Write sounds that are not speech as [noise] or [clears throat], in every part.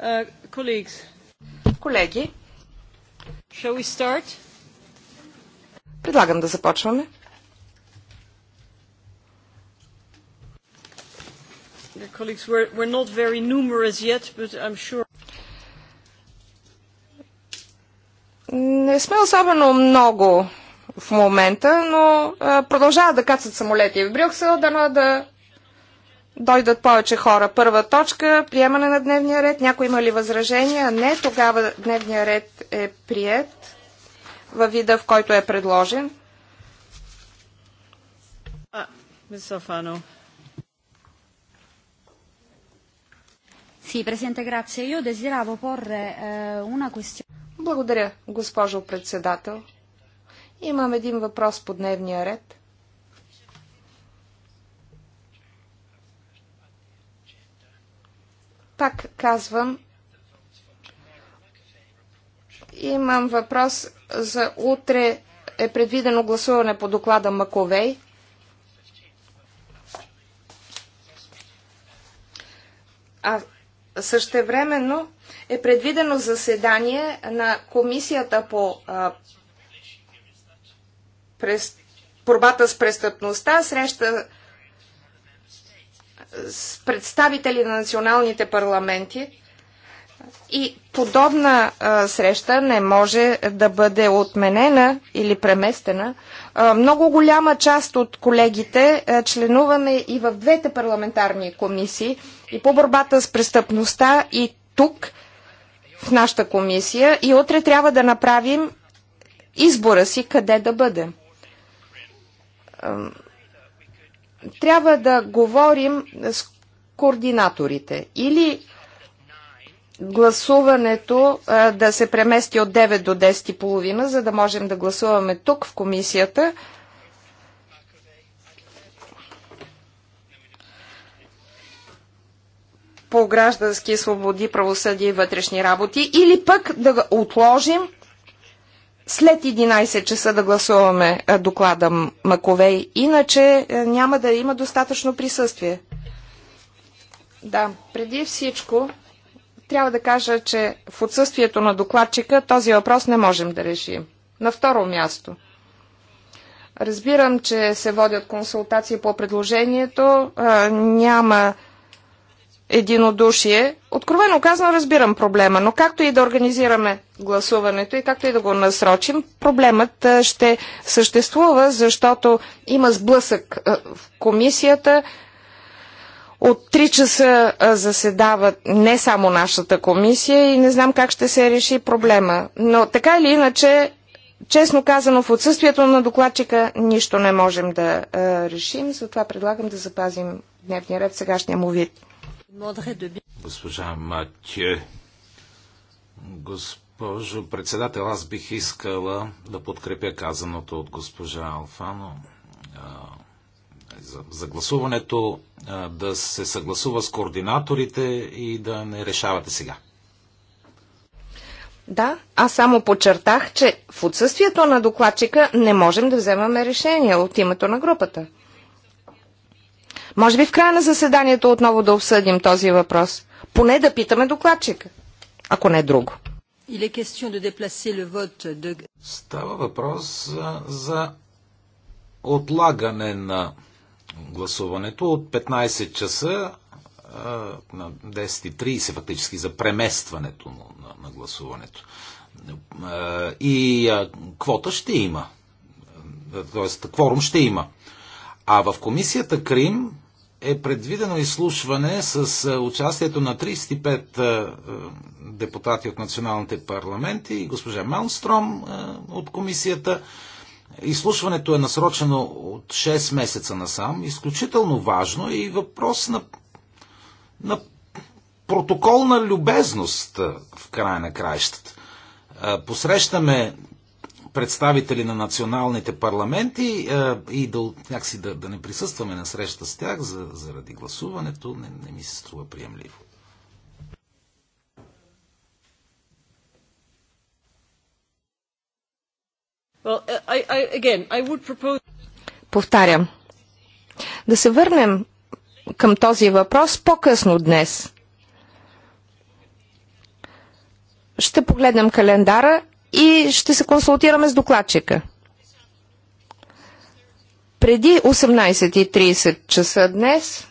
Uh, Колеги, Shall we start? предлагам да започваме. Не сме особено много в момента, но продължават да кацат самолети в Брюксел, дано да дойдат повече хора. Първа точка, приемане на дневния ред. Някой има ли възражения? Не, тогава дневния ред е прият във вида, в който е предложен. Е, Благодаря, госпожо председател. Имам един въпрос по дневния ред. Пак казвам, имам въпрос за утре е предвидено гласуване по доклада Маковей. А същевременно е предвидено заседание на комисията по а, прес, борбата с престъпността, среща с представители на националните парламенти и подобна а, среща не може да бъде отменена или преместена. А, много голяма част от колегите а, членуваме и в двете парламентарни комисии и по борбата с престъпността и тук в нашата комисия и утре трябва да направим избора си къде да бъдем трябва да говорим с координаторите. Или гласуването а, да се премести от 9 до 10.30, за да можем да гласуваме тук в комисията. по граждански свободи, правосъдие и вътрешни работи, или пък да отложим след 11 часа да гласуваме доклада Маковей, иначе няма да има достатъчно присъствие. Да, преди всичко трябва да кажа, че в отсъствието на докладчика този въпрос не можем да решим. На второ място. Разбирам, че се водят консултации по предложението. Няма единодушие. Откровено казано разбирам проблема, но както и да организираме гласуването и както и да го насрочим, проблемът ще съществува, защото има сблъсък в комисията. От 3 часа заседава не само нашата комисия и не знам как ще се реши проблема. Но така или иначе, честно казано, в отсъствието на докладчика нищо не можем да решим, затова предлагам да запазим дневния ред в сегашния му вид. Госпожа Матю, госпожо председател, аз бих искала да подкрепя казаното от госпожа Алфано за, за гласуването, да се съгласува с координаторите и да не решавате сега. Да, аз само подчертах, че в отсъствието на докладчика не можем да вземаме решение от името на групата. Може би в края на заседанието отново да обсъдим този въпрос. Поне да питаме докладчика, ако не е друго. Става въпрос за, отлагане на гласуването от 15 часа на 10.30 фактически за преместването на, гласуването. И квота ще има. Тоест, кворум ще има. А в комисията Крим е предвидено изслушване с е, участието на 35 е, е, депутати от националните парламенти и госпожа Малстром от комисията. Изслушването е насрочено от 6 месеца насам. Изключително важно и въпрос на, на протоколна любезност в края на краищата. Посрещаме представители на националните парламенти е, и да, някакси да, да не присъстваме на среща с тях за, заради гласуването, не, не ми се струва приемливо. Well, I, I, again, I would propose... Повтарям. Да се върнем към този въпрос по-късно днес. Ще погледнем календара и ще се консултираме с докладчика. Преди 18.30 часа днес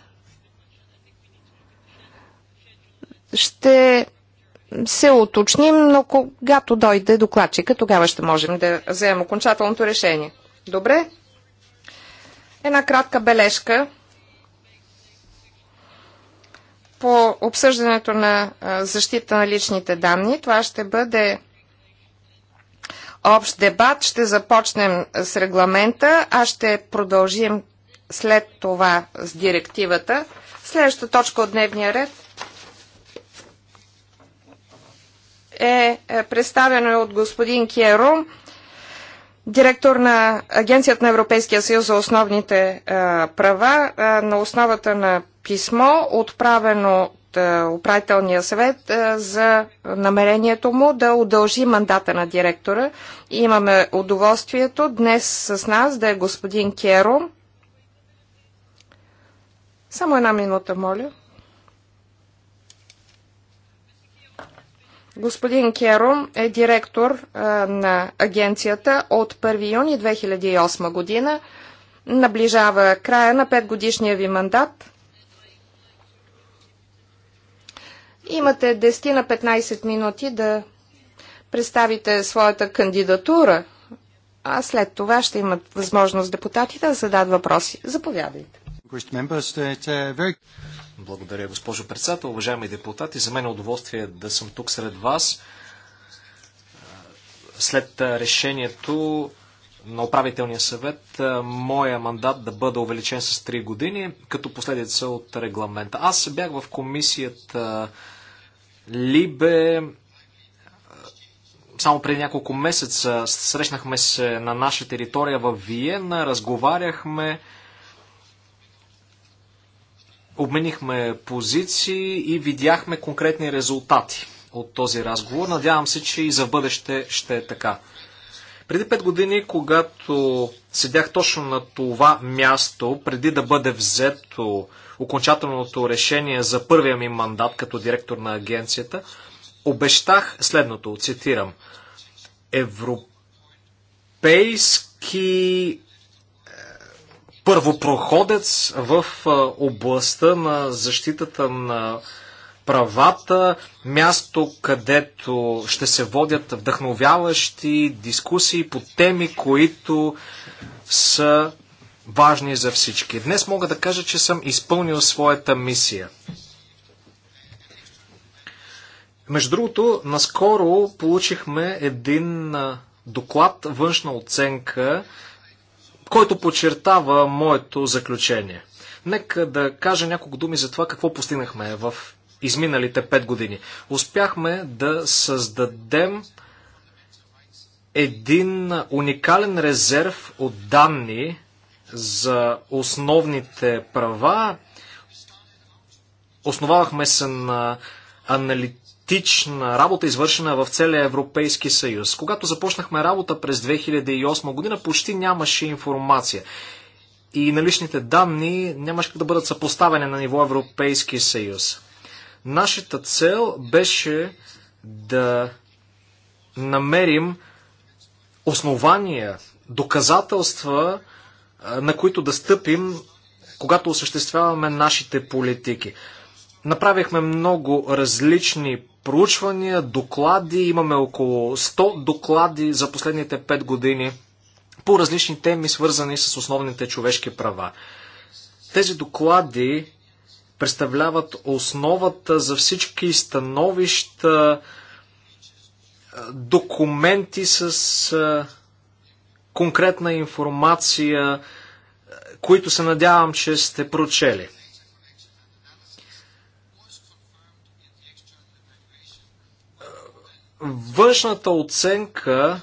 ще се уточним, но когато дойде докладчика, тогава ще можем да вземем окончателното решение. Добре? Една кратка бележка по обсъждането на защита на личните данни. Това ще бъде общ дебат. Ще започнем с регламента, а ще продължим след това с директивата. Следващата точка от дневния ред е, е представена е от господин Киерум, директор на Агенцията на Европейския съюз за основните е, права, на основата на писмо, отправено е, управителния съвет е, за намерението му да удължи мандата на директора. И имаме удоволствието днес с нас да е господин Керо. Само една минута, моля. Господин Керо е директор е, на агенцията от 1 юни 2008 година. Наближава края на 5 годишния ви мандат. Имате 10 на 15 минути да представите своята кандидатура, а след това ще имат възможност депутатите да зададат въпроси. Заповядайте. Благодаря, госпожо председател. Уважаеми депутати, за мен е удоволствие да съм тук сред вас. След решението на управителния съвет моя мандат да бъде увеличен с 3 години, като последица от регламента. Аз бях в комисията Либе само преди няколко месеца срещнахме се на наша територия в Виена, разговаряхме, обменихме позиции и видяхме конкретни резултати от този разговор. Надявам се, че и за бъдеще ще е така. Преди 5 години, когато седях точно на това място, преди да бъде взето окончателното решение за първия ми мандат като директор на агенцията, обещах следното, цитирам, европейски е, първопроходец в е, областта на защитата на правата, място, където ще се водят вдъхновяващи дискусии по теми, които са важни за всички. Днес мога да кажа, че съм изпълнил своята мисия. Между другото, наскоро получихме един доклад, външна оценка, който подчертава моето заключение. Нека да кажа няколко думи за това какво постигнахме в изминалите 5 години. Успяхме да създадем един уникален резерв от данни, за основните права. Основавахме се на аналитична работа, извършена в целия Европейски съюз. Когато започнахме работа през 2008 година, почти нямаше информация. И наличните данни нямаше да бъдат съпоставени на ниво Европейски съюз. Нашата цел беше да намерим основания, доказателства на които да стъпим, когато осъществяваме нашите политики. Направихме много различни проучвания, доклади, имаме около 100 доклади за последните 5 години по различни теми, свързани с основните човешки права. Тези доклади представляват основата за всички становища, документи с конкретна информация, които се надявам, че сте прочели. Външната оценка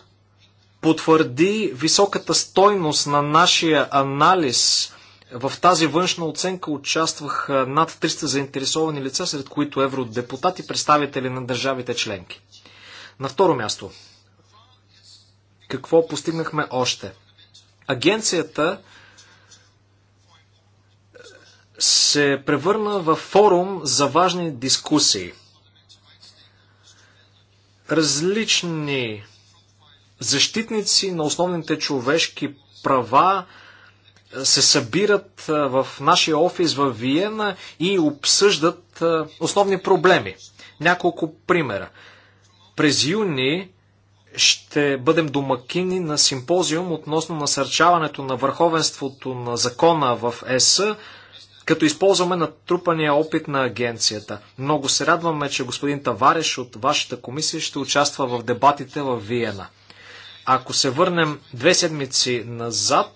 потвърди високата стойност на нашия анализ. В тази външна оценка участваха над 300 заинтересовани лица, сред които евродепутати, представители на държавите членки. На второ място, какво постигнахме още? Агенцията се превърна в форум за важни дискусии. Различни защитници на основните човешки права се събират в нашия офис в Виена и обсъждат основни проблеми. Няколко примера. През юни ще бъдем домакини на симпозиум относно насърчаването на върховенството на закона в ЕС, като използваме натрупания опит на агенцията. Много се радваме, че господин Тавареш от вашата комисия ще участва в дебатите в Виена. Ако се върнем две седмици назад,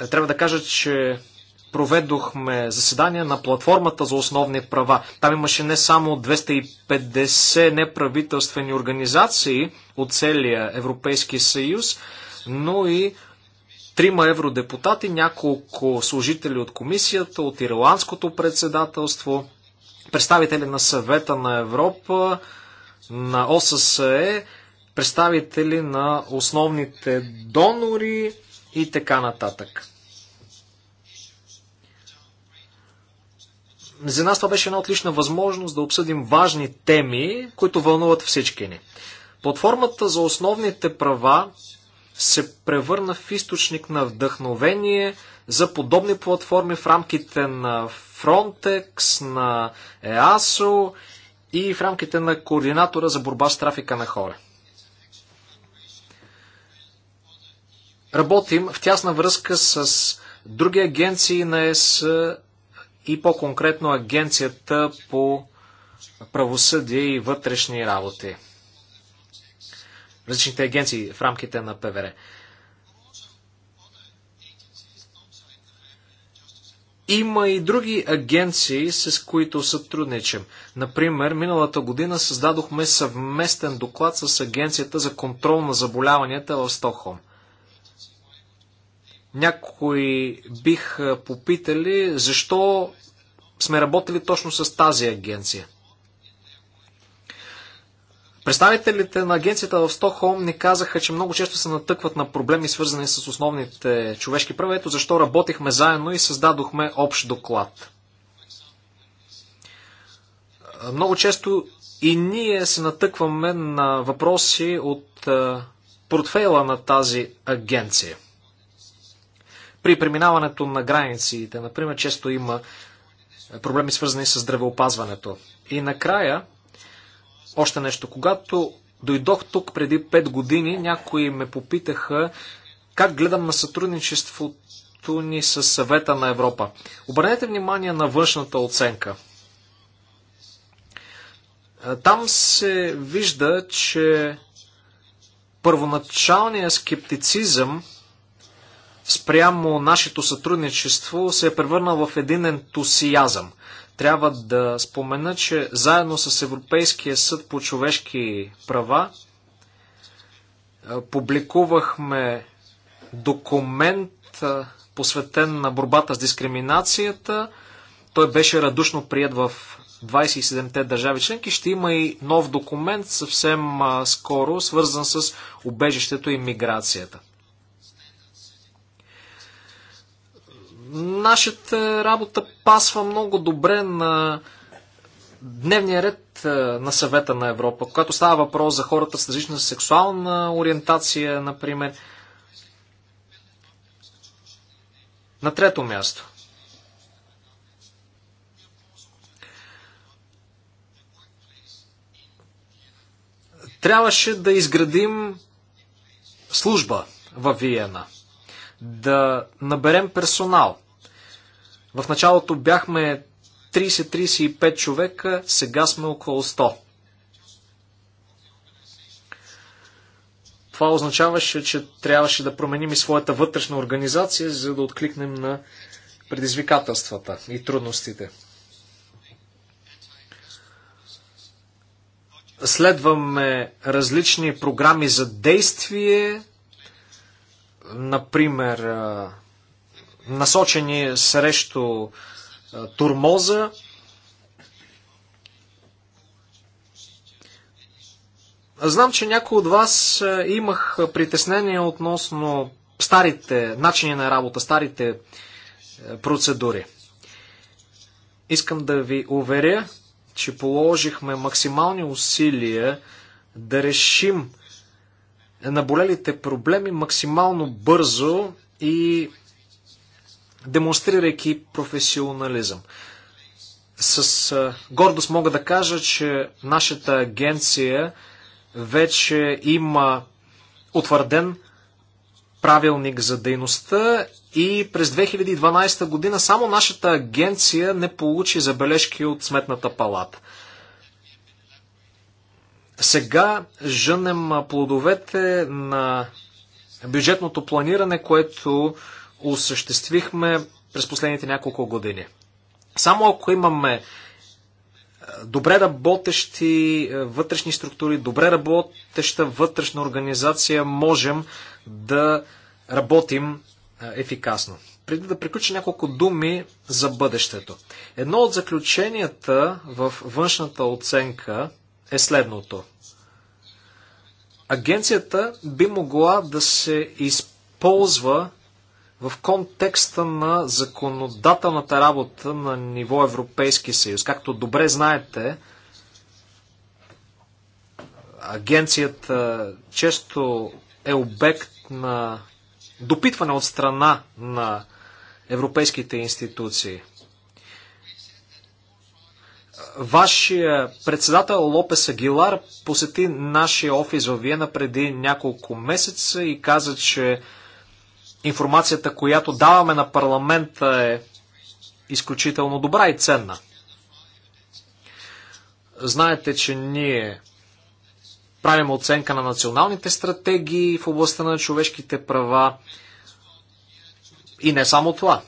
е, трябва да кажа, че проведохме заседание на платформата за основни права. Там имаше не само 250 неправителствени организации от целия Европейски съюз, но и трима евродепутати, няколко служители от комисията, от ирландското председателство, представители на съвета на Европа, на ОССЕ, представители на основните донори и така нататък. За нас това беше една отлична възможност да обсъдим важни теми, които вълнуват всички ни. Платформата за основните права се превърна в източник на вдъхновение за подобни платформи в рамките на Frontex, на EASO и в рамките на координатора за борба с трафика на хора. Работим в тясна връзка с други агенции на ЕС, и по-конкретно Агенцията по правосъдие и вътрешни работи. Различните агенции в рамките на ПВР. Има и други агенции, с които сътрудничим. Например, миналата година създадохме съвместен доклад с Агенцията за контрол на заболяванията в Стокхолм. Някои бих попитали защо сме работили точно с тази агенция. Представителите на агенцията в Стокхолм ни казаха, че много често се натъкват на проблеми, свързани с основните човешки права. Ето защо работихме заедно и създадохме общ доклад. Много често и ние се натъкваме на въпроси от портфейла на тази агенция – при преминаването на границите. Например, често има проблеми свързани с здравеопазването. И накрая, още нещо. Когато дойдох тук преди 5 години, някои ме попитаха как гледам на сътрудничеството ни с съвета на Европа. Обърнете внимание на външната оценка. Там се вижда, че първоначалният скептицизъм спрямо нашето сътрудничество се е превърнал в един ентусиазъм. Трябва да спомена, че заедно с Европейския съд по човешки права е, публикувахме документ, е, посветен на борбата с дискриминацията. Той беше радушно прият в 27-те държави членки. Ще има и нов документ съвсем е, скоро, свързан с убежището и миграцията. Нашата работа пасва много добре на дневния ред е, на съвета на Европа, когато става въпрос за хората с различна сексуална ориентация, например. На трето място. Трябваше да изградим служба във Виена – да наберем персонал. В началото бяхме 30-35 човека, сега сме около 100. Това означаваше, че трябваше да променим и своята вътрешна организация, за да откликнем на предизвикателствата и трудностите. Следваме различни програми за действие, например, насочени срещу турмоза. Знам, че някои от вас имах притеснение относно старите начини на работа, старите процедури. Искам да ви уверя, че положихме максимални усилия да решим наболелите проблеми максимално бързо и демонстрирайки професионализъм. С гордост мога да кажа, че нашата агенция вече има утвърден правилник за дейността и през 2012 година само нашата агенция не получи забележки от Сметната палата. Сега жънем плодовете на бюджетното планиране, което осъществихме през последните няколко години. Само ако имаме е, добре работещи е, вътрешни структури, добре работеща вътрешна организация, можем да работим е, ефикасно. Преди да приключа няколко думи за бъдещето. Едно от заключенията в външната оценка е следното. Агенцията би могла да се използва в контекста на законодателната работа на ниво Европейски съюз. Както добре знаете, агенцията често е обект на допитване от страна на европейските институции – Вашия председател Лопес Агилар посети нашия офис в Виена преди няколко месеца и каза, че информацията, която даваме на парламента е изключително добра и ценна. Знаете, че ние правим оценка на националните стратегии в областта на човешките права и не само това.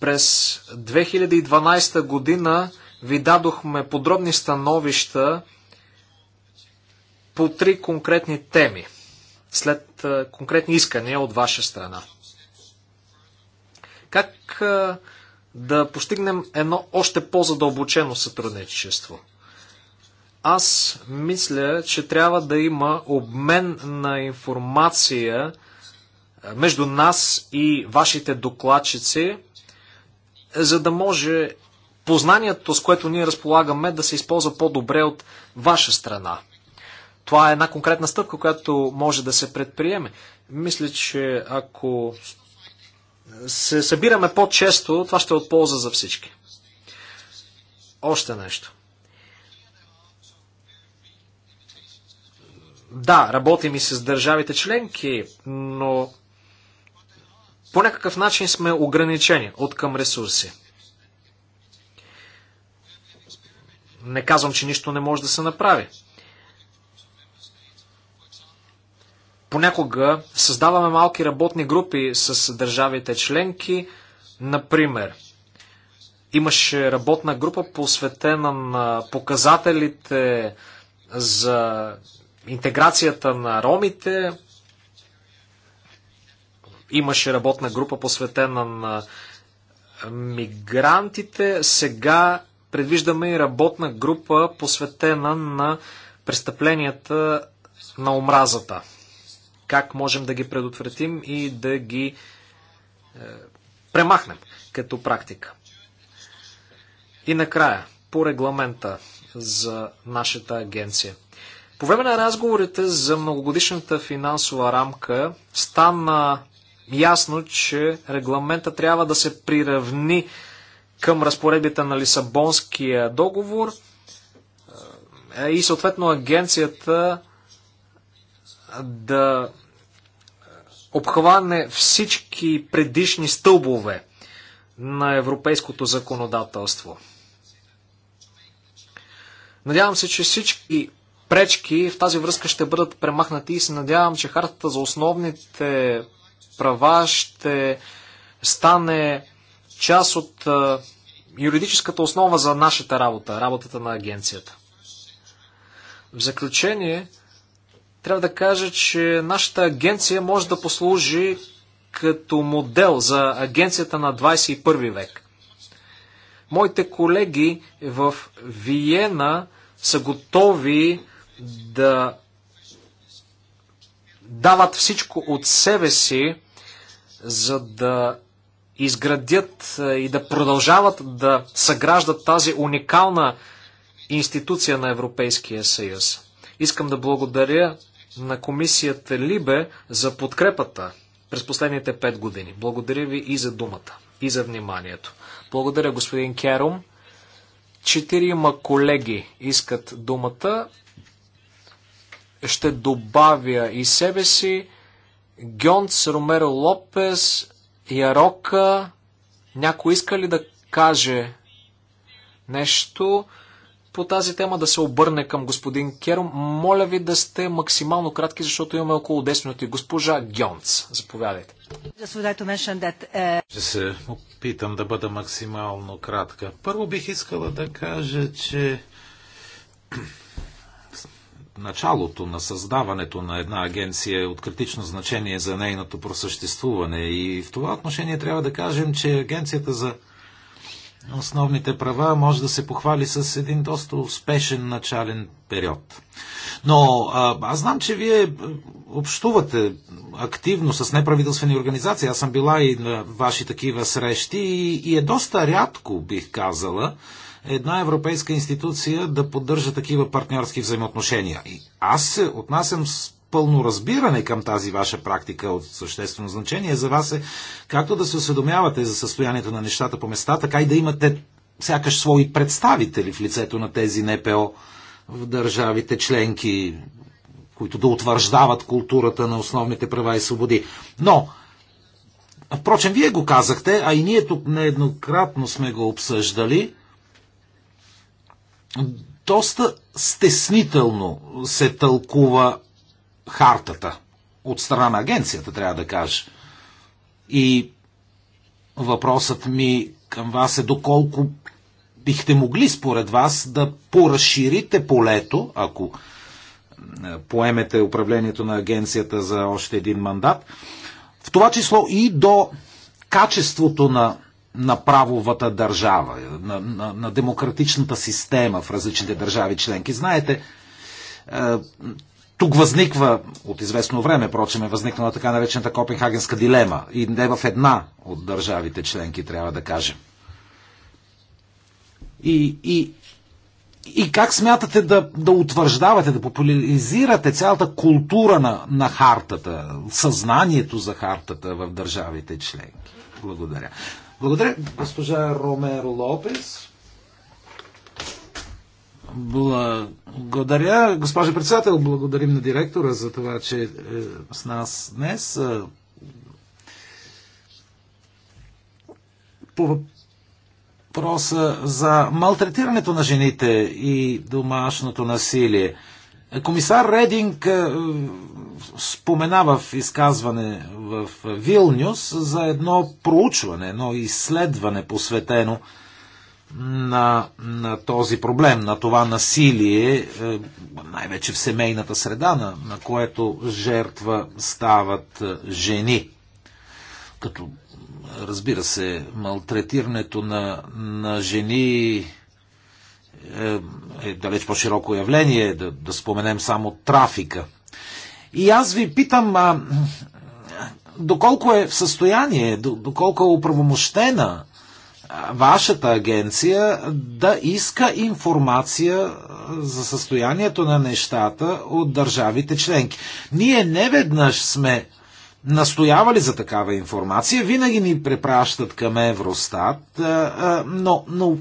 През 2012 година ви дадохме подробни становища по три конкретни теми, след е, конкретни искания от ваша страна. Как е, да постигнем едно още по-задълбочено сътрудничество? Аз мисля, че трябва да има обмен на информация е, между нас и вашите докладчици, за да може познанието, с което ние разполагаме, да се използва по-добре от ваша страна. Това е една конкретна стъпка, която може да се предприеме. Мисля, че ако се събираме по-често, това ще е от полза за всички. Още нещо. Да, работим и с държавите членки, но по някакъв начин сме ограничени от към ресурси. Не казвам, че нищо не може да се направи. Понякога създаваме малки работни групи с държавите членки. Например, имаше работна група посветена на показателите за интеграцията на ромите, Имаше работна група посветена на мигрантите. Сега предвиждаме и работна група посветена на престъпленията на омразата. Как можем да ги предотвратим и да ги е, премахнем като практика. И накрая, по регламента за нашата агенция. По време на разговорите за многогодишната финансова рамка стана ясно, че регламента трябва да се приравни към разпоредбите на Лисабонския договор и съответно агенцията да обхване всички предишни стълбове на европейското законодателство. Надявам се, че всички пречки в тази връзка ще бъдат премахнати и се надявам, че хартата за основните права ще стане част от юридическата основа за нашата работа, работата на агенцията. В заключение, трябва да кажа, че нашата агенция може да послужи като модел за агенцията на 21 век. Моите колеги в Виена са готови да дават всичко от себе си, за да изградят е, и да продължават да съграждат тази уникална институция на Европейския съюз. Искам да благодаря на комисията Либе за подкрепата през последните пет години. Благодаря ви и за думата, и за вниманието. Благодаря, господин Керум. Четирима колеги искат думата ще добавя и себе си, Гьонц, Ромеро Лопес, Ярока. Някой иска ли да каже нещо по тази тема, да се обърне към господин Кером? Моля ви да сте максимално кратки, защото имаме около 10 минути. Госпожа Гьонц, заповядайте. Е, ще се опитам да бъда максимално кратка. Първо бих искала да кажа, че началото на създаването на една агенция е от критично значение за нейното просъществуване. И в това отношение трябва да кажем, че агенцията за основните права може да се похвали с един доста успешен начален период. Но а, аз знам, че вие общувате активно с неправителствени организации. Аз съм била и на ваши такива срещи и, и е доста рядко, бих казала, една европейска институция да поддържа такива партньорски взаимоотношения. И аз се отнасям с пълно разбиране към тази ваша практика от съществено значение за вас е както да се осведомявате за състоянието на нещата по места, така и да имате сякаш свои представители в лицето на тези НПО в държавите членки, които да утвърждават културата на основните права и свободи. Но, впрочем, вие го казахте, а и ние тук нееднократно сме го обсъждали, доста стеснително се тълкува хартата от страна на агенцията, трябва да кажа. И въпросът ми към вас е доколко бихте могли според вас да поразширите полето, ако е, поемете управлението на агенцията за още един мандат, в това число и до качеството на на правовата държава, на, на, на демократичната система в различните държави членки. Знаете, е, тук възниква, от известно време, прочим, е възникнала така наречената Копенхагенска дилема. И не в една от държавите членки, трябва да кажем. И, и, и как смятате да, да утвърждавате, да популяризирате цялата култура на, на хартата, съзнанието за хартата в държавите членки? Благодаря. Благодаря. Госпожа Ромер Лопес. Благодаря. Госпожа председател, благодарим на директора за това, че е с нас днес. Е, по въпроса за малтретирането на жените и домашното насилие. Комисар Рединг е, споменава в изказване в Вилнюс за едно проучване, едно изследване посветено на, на този проблем, на това насилие, е, най-вече в семейната среда, на, на което жертва стават е, жени. Като, разбира се, малтретирането на, на жени е, е далеч по-широко явление, да, да споменем само трафика. И аз ви питам, а, доколко е в състояние, доколко е оправомощена вашата агенция да иска информация за състоянието на нещата от държавите членки. Ние неведнъж сме настоявали за такава информация, винаги ни препращат към Евростат, но, но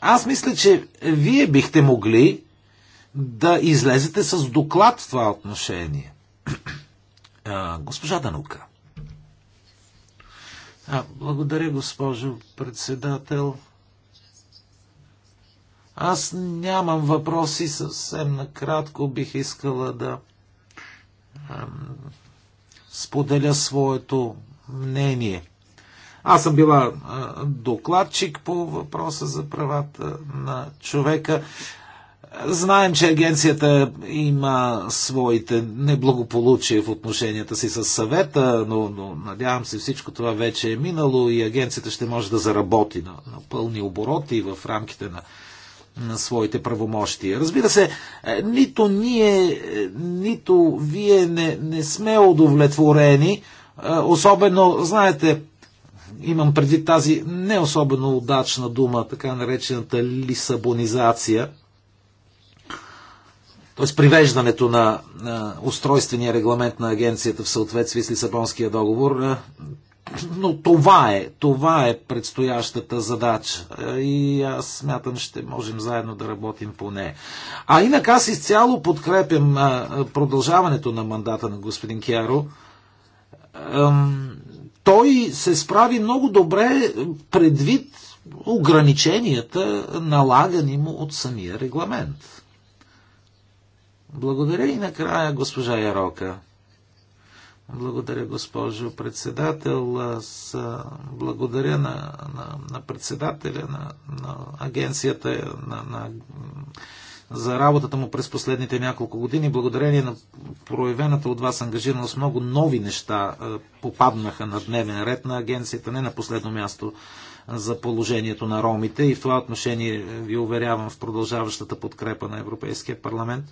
аз мисля, че вие бихте могли да излезете с доклад в това отношение. [clears throat] Госпожа Данука. А, благодаря, госпожо председател. Аз нямам въпроси, съвсем накратко бих искала да споделя своето мнение. Аз съм била докладчик по въпроса за правата на човека. Знаем, че агенцията има своите неблагополучия в отношенията си с съвета, но, но надявам се всичко това вече е минало и агенцията ще може да заработи на, на пълни обороти в рамките на на своите правомощия. Разбира се, е, нито ние, е, нито вие не, не сме удовлетворени, е, особено, знаете, имам преди тази не особено удачна дума, така наречената лисабонизация, т.е. привеждането на, на устройствения регламент на агенцията в съответствие с Лисабонския договор, но това е, това е предстоящата задача и аз смятам, ще можем заедно да работим по нея. А инак аз изцяло подкрепям продължаването на мандата на господин Кяро. Той се справи много добре предвид ограниченията, налагани му от самия регламент. Благодаря и накрая госпожа Ярока. Благодаря, госпожо председател. Аз благодаря на, на, на председателя на, на агенцията на, на, за работата му през последните няколко години. Благодарение на проявената от вас ангажираност много нови неща попаднаха на дневен ред на агенцията, не на последно място за положението на ромите и в това отношение ви уверявам в продължаващата подкрепа на Европейския парламент.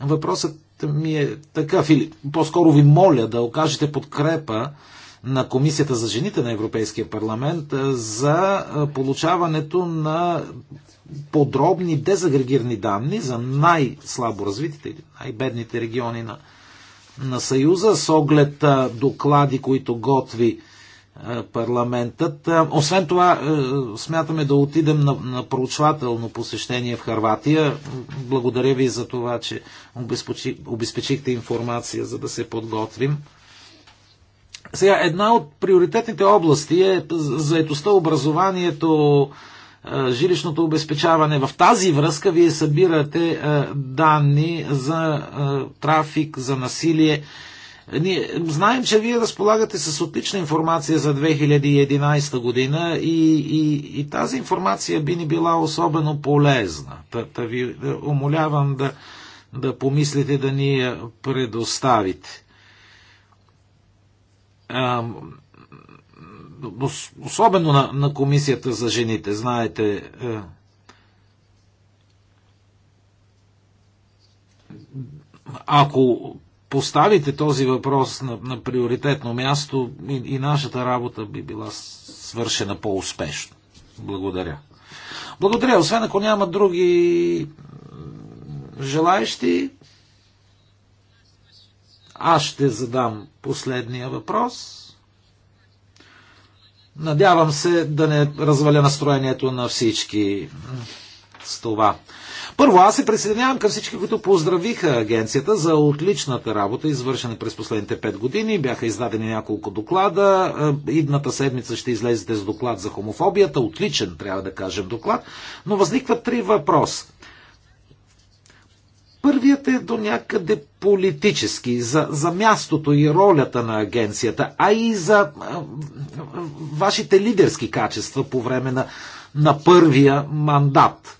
Въпросът ми е такъв, или по-скоро ви моля да окажете подкрепа на Комисията за жените на Европейския парламент за получаването на подробни дезагрегирани данни за най-слабо развитите или най-бедните региони на, на Съюза с оглед доклади, които готви парламентът. Освен това, смятаме да отидем на, на проучвателно посещение в Харватия. Благодаря ви за това, че обезпечи, обезпечихте информация, за да се подготвим. Сега, една от приоритетните области е заедостта, образованието, жилищното обезпечаване. В тази връзка вие събирате данни за трафик, за насилие. Ние знаем, че вие разполагате с отлична информация за 2011 година и, и, и тази информация би ни била особено полезна. Та, та ви да, е, умолявам да, да помислите да ни я предоставите. А, особено на, на комисията за жените, знаете. Е, ако поставите този въпрос на, на приоритетно място и, и нашата работа би била свършена по-успешно. Благодаря. Благодаря. Освен ако няма други желаещи, аз ще задам последния въпрос. Надявам се да не разваля настроението на всички с това. Първо, аз се присъединявам към всички, които поздравиха агенцията за отличната работа, извършена през последните 5 години. Бяха издадени няколко доклада. Е, идната седмица ще излезете с доклад за хомофобията. Отличен, трябва да кажем, доклад. Но възникват три въпроса. Първият е до някъде политически, за, за мястото и ролята на агенцията, а и за а, е, вашите лидерски качества по време на, на първия мандат.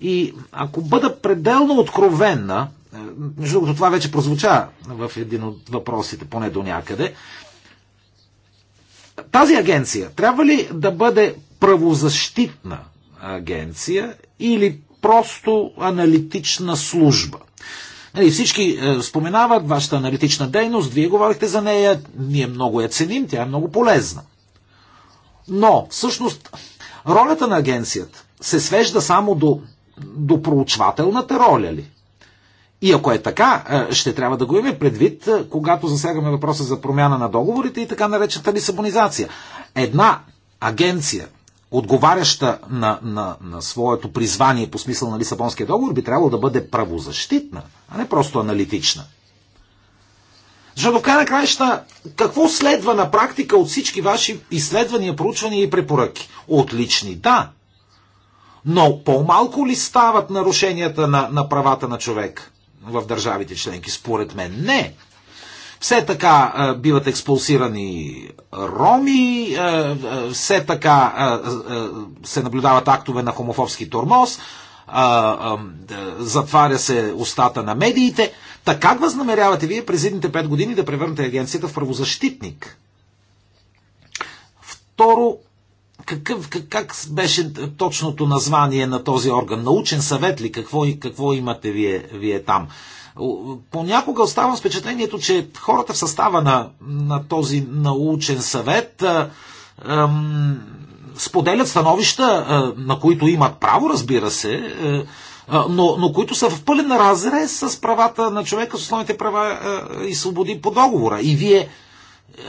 И ако бъда пределно откровенна, е, между другото това вече прозвуча в един от въпросите, поне до някъде, тази агенция трябва ли да бъде правозащитна агенция или просто аналитична служба? Нали, всички е, споменават вашата аналитична дейност, вие говорихте за нея, ние много я ценим, тя е много полезна. Но, всъщност, ролята на агенцията се свежда само до до проучвателната роля ли? И ако е така, е, ще трябва да го имаме предвид, е, когато засягаме въпроса за промяна на договорите и така наречената лисабонизация. Една агенция, отговаряща на, на, на своето призвание по смисъл на Лисабонския договор, би трябвало да бъде правозащитна, а не просто аналитична. Защото в край на краища, какво следва на практика от всички ваши изследвания, проучвания и препоръки? Отлични, да. Но по-малко ли стават нарушенията на, на правата на човек в държавите членки? Според мен не. Все така а, биват експулсирани роми, а, а, все така а, а, се наблюдават актове на хомофобски тормоз, а, а, затваря се устата на медиите. Така как възнамерявате вие през едните 5 години да превърнете агенцията в правозащитник? Второ, какъв, как, как беше точното название на този орган? Научен съвет ли? Какво, какво имате вие, вие там? Понякога оставам с впечатлението, че хората в състава на, на този научен съвет а, ам, споделят становища, а, на които имат право, разбира се, е, а, но, но които са в пълен разрез с правата на човека, с основните права а, е, и свободи по договора. И вие.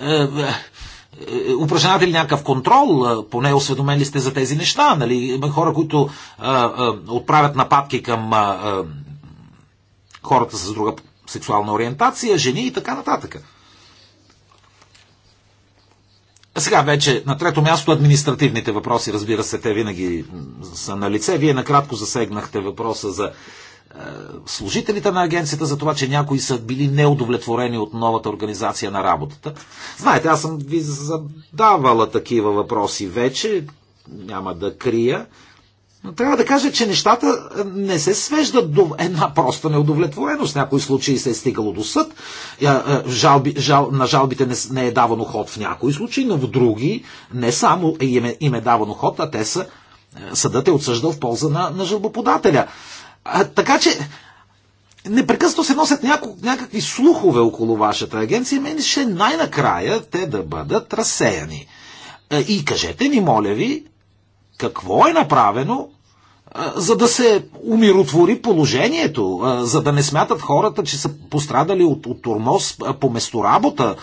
А, е, е, е, упражнявате ли някакъв контрол, е, поне осведомен ли сте за тези неща, нали? Има хора, които а, а, отправят нападки към а, а, хората с друга сексуална ориентация, жени и така нататък. Сега вече на трето място административните въпроси, разбира се, те винаги са на лице. Вие накратко засегнахте въпроса за е, служителите на агенцията за това, че някои са били неудовлетворени от новата организация на работата. Знаете, аз съм ви задавала такива въпроси вече, няма да крия. Но трябва да кажа, че нещата не се свеждат до една проста неудовлетвореност. В някои случаи се е стигало до съд, е, е, жалби, жал, на жалбите не, не е давано ход в някои случаи, но в други не само им е, им е давано ход, а те са съдът е отсъждал в полза на, на жалбоподателя. А, така че, непрекъснато се носят няко, някакви слухове около вашата агенция и мен ще най-накрая те да бъдат разсеяни. Е, и кажете ни, моля ви, какво е направено, е, за да се умиротвори положението, е, за да не смятат хората, че са пострадали от, от турмоз по месторабота,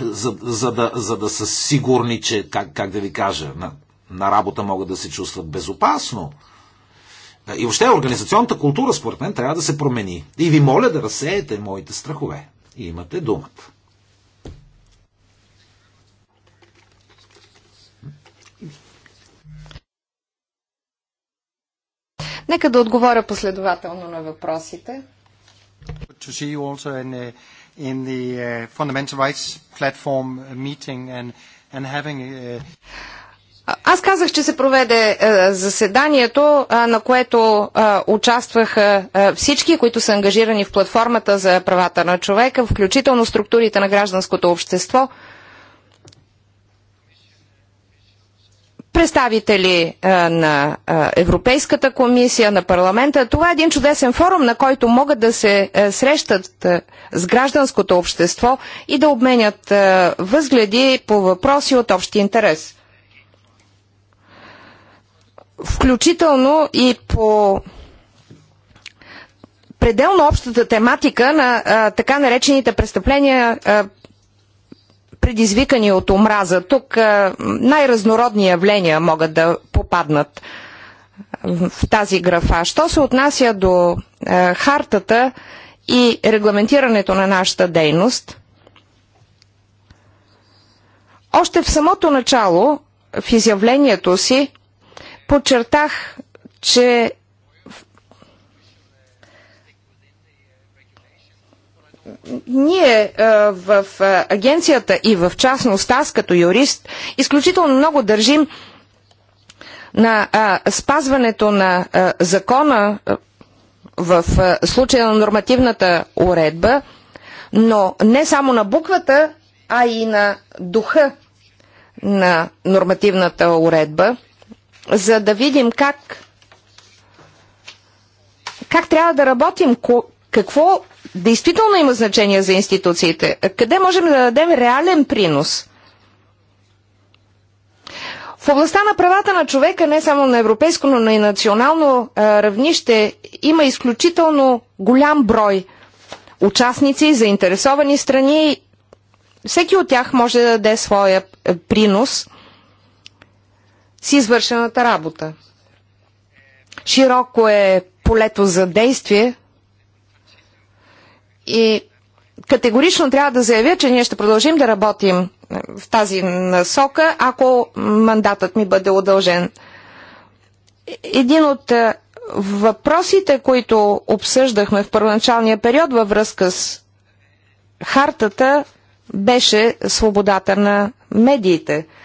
за, за, да, за да са сигурни, че, как, как да ви кажа, на, на работа могат да се чувстват безопасно. Е, и въобще организационната култура, според мен, трябва да се промени. И ви моля да разсеете моите страхове. И имате думата. Нека да отговоря последователно на въпросите. To see you also in the, in the uh, fundamental rights platform meeting and, and having uh... Аз казах, че се проведе е, заседанието, е, на което е, участваха всички, които са ангажирани в платформата за правата на човека, включително структурите на гражданското общество, представители на Европейската комисия, на парламента. Това е един чудесен форум, на който могат да се срещат с гражданското общество и да обменят възгледи по въпроси от общи интерес включително и по пределно общата тематика на а, така наречените престъпления, а, предизвикани от омраза. Тук най-разнородни явления могат да попаднат в тази графа. Що се отнася до а, хартата и регламентирането на нашата дейност, още в самото начало в изявлението си Подчертах, че ние в агенцията и в частност аз като юрист изключително много държим на спазването на закона в случая на нормативната уредба, но не само на буквата, а и на духа на нормативната уредба – за да видим как, как трябва да работим, какво действително има значение за институциите, къде можем да дадем реален принос. В областта на правата на човека, не само на европейско, но и национално равнище, има изключително голям брой участници, заинтересовани страни. Всеки от тях може да даде своя принос с извършената работа. Широко е полето за действие и категорично трябва да заявя, че ние ще продължим да работим в тази насока, ако мандатът ми бъде удължен. Един от е, въпросите, които обсъждахме в първоначалния период във връзка с хартата, беше свободата на медиите –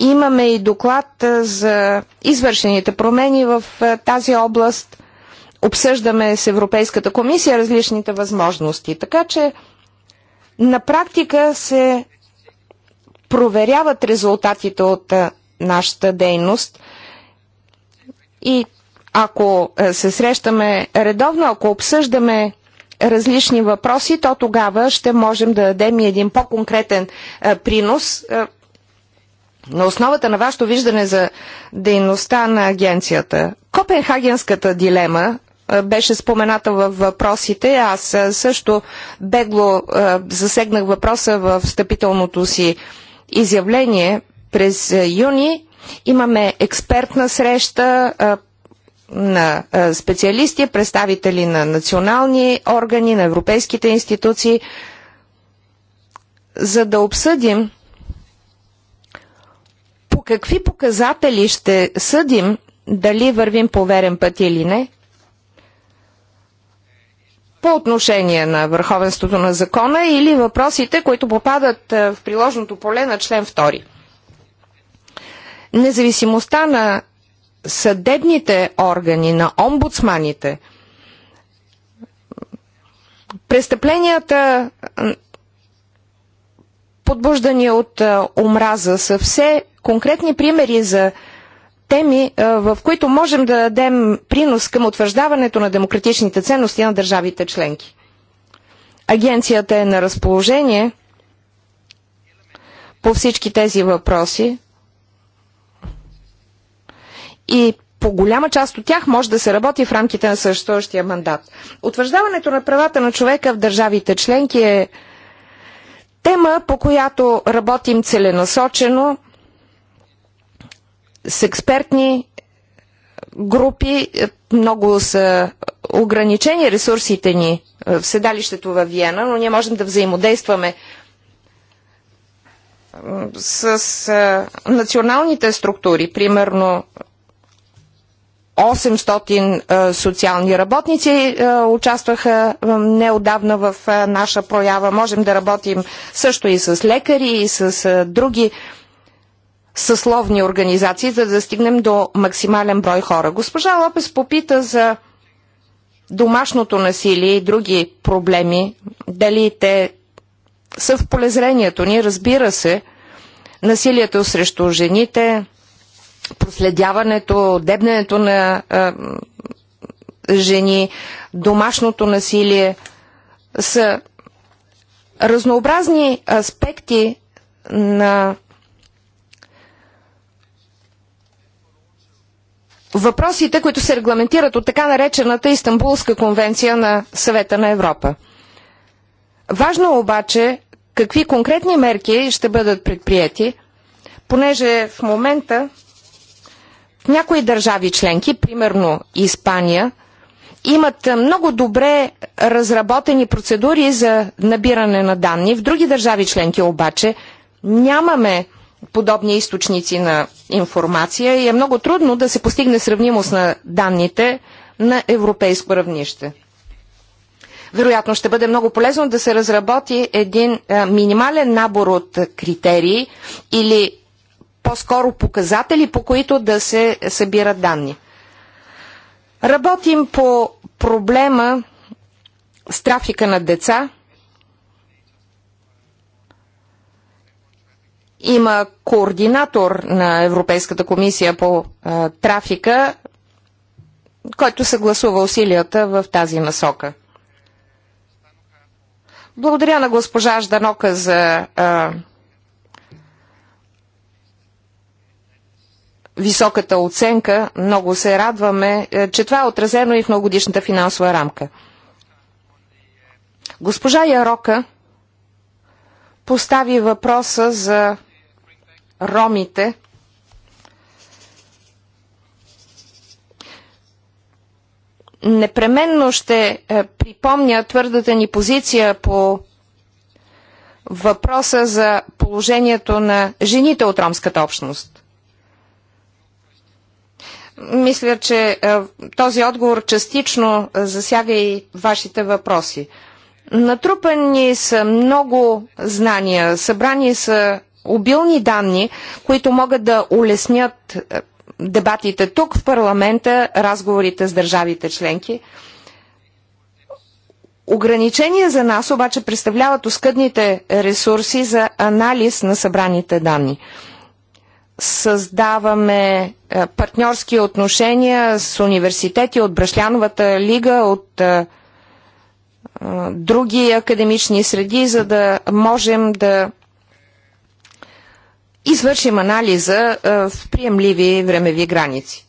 Имаме и доклад за извършените промени в тази област. Обсъждаме с Европейската комисия различните възможности. Така че на практика се проверяват резултатите от нашата дейност и ако се срещаме редовно, ако обсъждаме различни въпроси, то тогава ще можем да дадем и един по-конкретен принос на основата на вашето виждане за дейността на агенцията. Копенхагенската дилема беше спомената в въпросите. Аз също бегло засегнах въпроса в встъпителното си изявление през юни. Имаме експертна среща на специалисти, представители на национални органи, на европейските институции, за да обсъдим какви показатели ще съдим дали вървим по верен път или не? По отношение на върховенството на закона или въпросите, които попадат е, в приложното поле на член 2. Независимостта на съдебните органи, на омбудсманите, престъпленията подбуждани от омраза, са все конкретни примери за теми, в които можем да дадем принос към утвърждаването на демократичните ценности на държавите членки. Агенцията е на разположение по всички тези въпроси и по голяма част от тях може да се работи в рамките на съществуващия мандат. Утвърждаването на правата на човека в държавите членки е Тема, по която работим целенасочено с експертни групи. Много са ограничени ресурсите ни в седалището във Виена, но ние можем да взаимодействаме с националните структури, примерно 800 социални работници участваха неодавна в наша проява. Можем да работим също и с лекари, и с други съсловни организации, за да стигнем до максимален брой хора. Госпожа Лопес попита за домашното насилие и други проблеми, дали те са в полезрението ни, разбира се, насилието срещу жените, проследяването, дебненето на а, жени, домашното насилие са разнообразни аспекти на въпросите, които се регламентират от така наречената Истанбулска конвенция на съвета на Европа. Важно е обаче какви конкретни мерки ще бъдат предприяти, понеже в момента в някои държави членки, примерно Испания, имат много добре разработени процедури за набиране на данни. В други държави членки обаче нямаме подобни източници на информация и е много трудно да се постигне сравнимост на данните на европейско равнище. Вероятно ще бъде много полезно да се разработи един а, минимален набор от критерии или по-скоро показатели, по които да се събират данни. Работим по проблема с трафика на деца. Има координатор на Европейската комисия по а, трафика, който съгласува усилията в тази насока. Благодаря на госпожа Жданока за а, високата оценка. Много се радваме, е, че това е отразено и в многогодишната финансова рамка. Госпожа Ярока постави въпроса за ромите. Непременно ще е, припомня твърдата ни позиция по въпроса за положението на жените от ромската общност. Мисля, че е, този отговор частично е, засяга и вашите въпроси. Натрупани са много знания, събрани са обилни данни, които могат да улеснят е, дебатите тук в парламента, разговорите с държавите членки. Ограничения за нас обаче представляват оскъдните ресурси за анализ на събраните данни създаваме е, партньорски отношения с университети от Брашляновата лига, от е, е, други академични среди, за да можем да извършим анализа в приемливи времеви граници.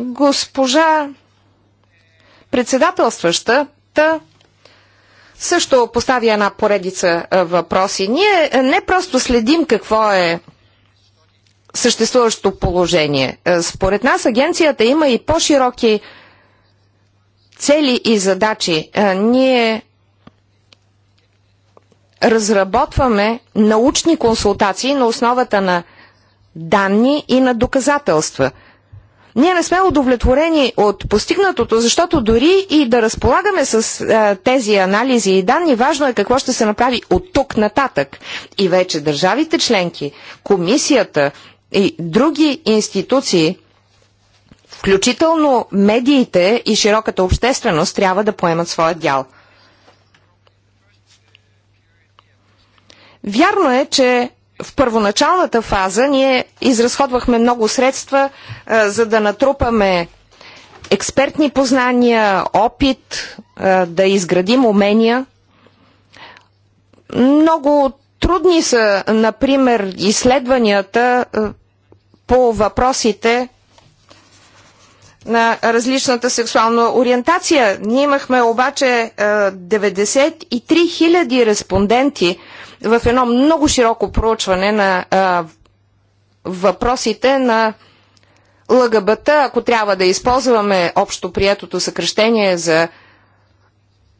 Госпожа председателстващата също поставя една поредица въпроси. Ние не просто следим какво е съществуващо положение. Според нас агенцията има и по-широки цели и задачи. Ние разработваме научни консултации на основата на данни и на доказателства – ние не сме удовлетворени от постигнатото, защото дори и да разполагаме с а, е, тези анализи и данни, важно е какво ще се направи от тук нататък. И вече държавите членки, комисията и други институции, включително медиите и широката общественост, трябва да поемат своя дял. Вярно е, че в първоначалната фаза ние изразходвахме много средства, е, за да натрупаме експертни познания, опит, е, да изградим умения. Много трудни са, например, изследванията е, по въпросите на различната сексуална ориентация. Ние имахме обаче 93 000 респонденти – в едно много широко проучване на а, въпросите на ЛГБТ, ако трябва да използваме общо приетото съкръщение за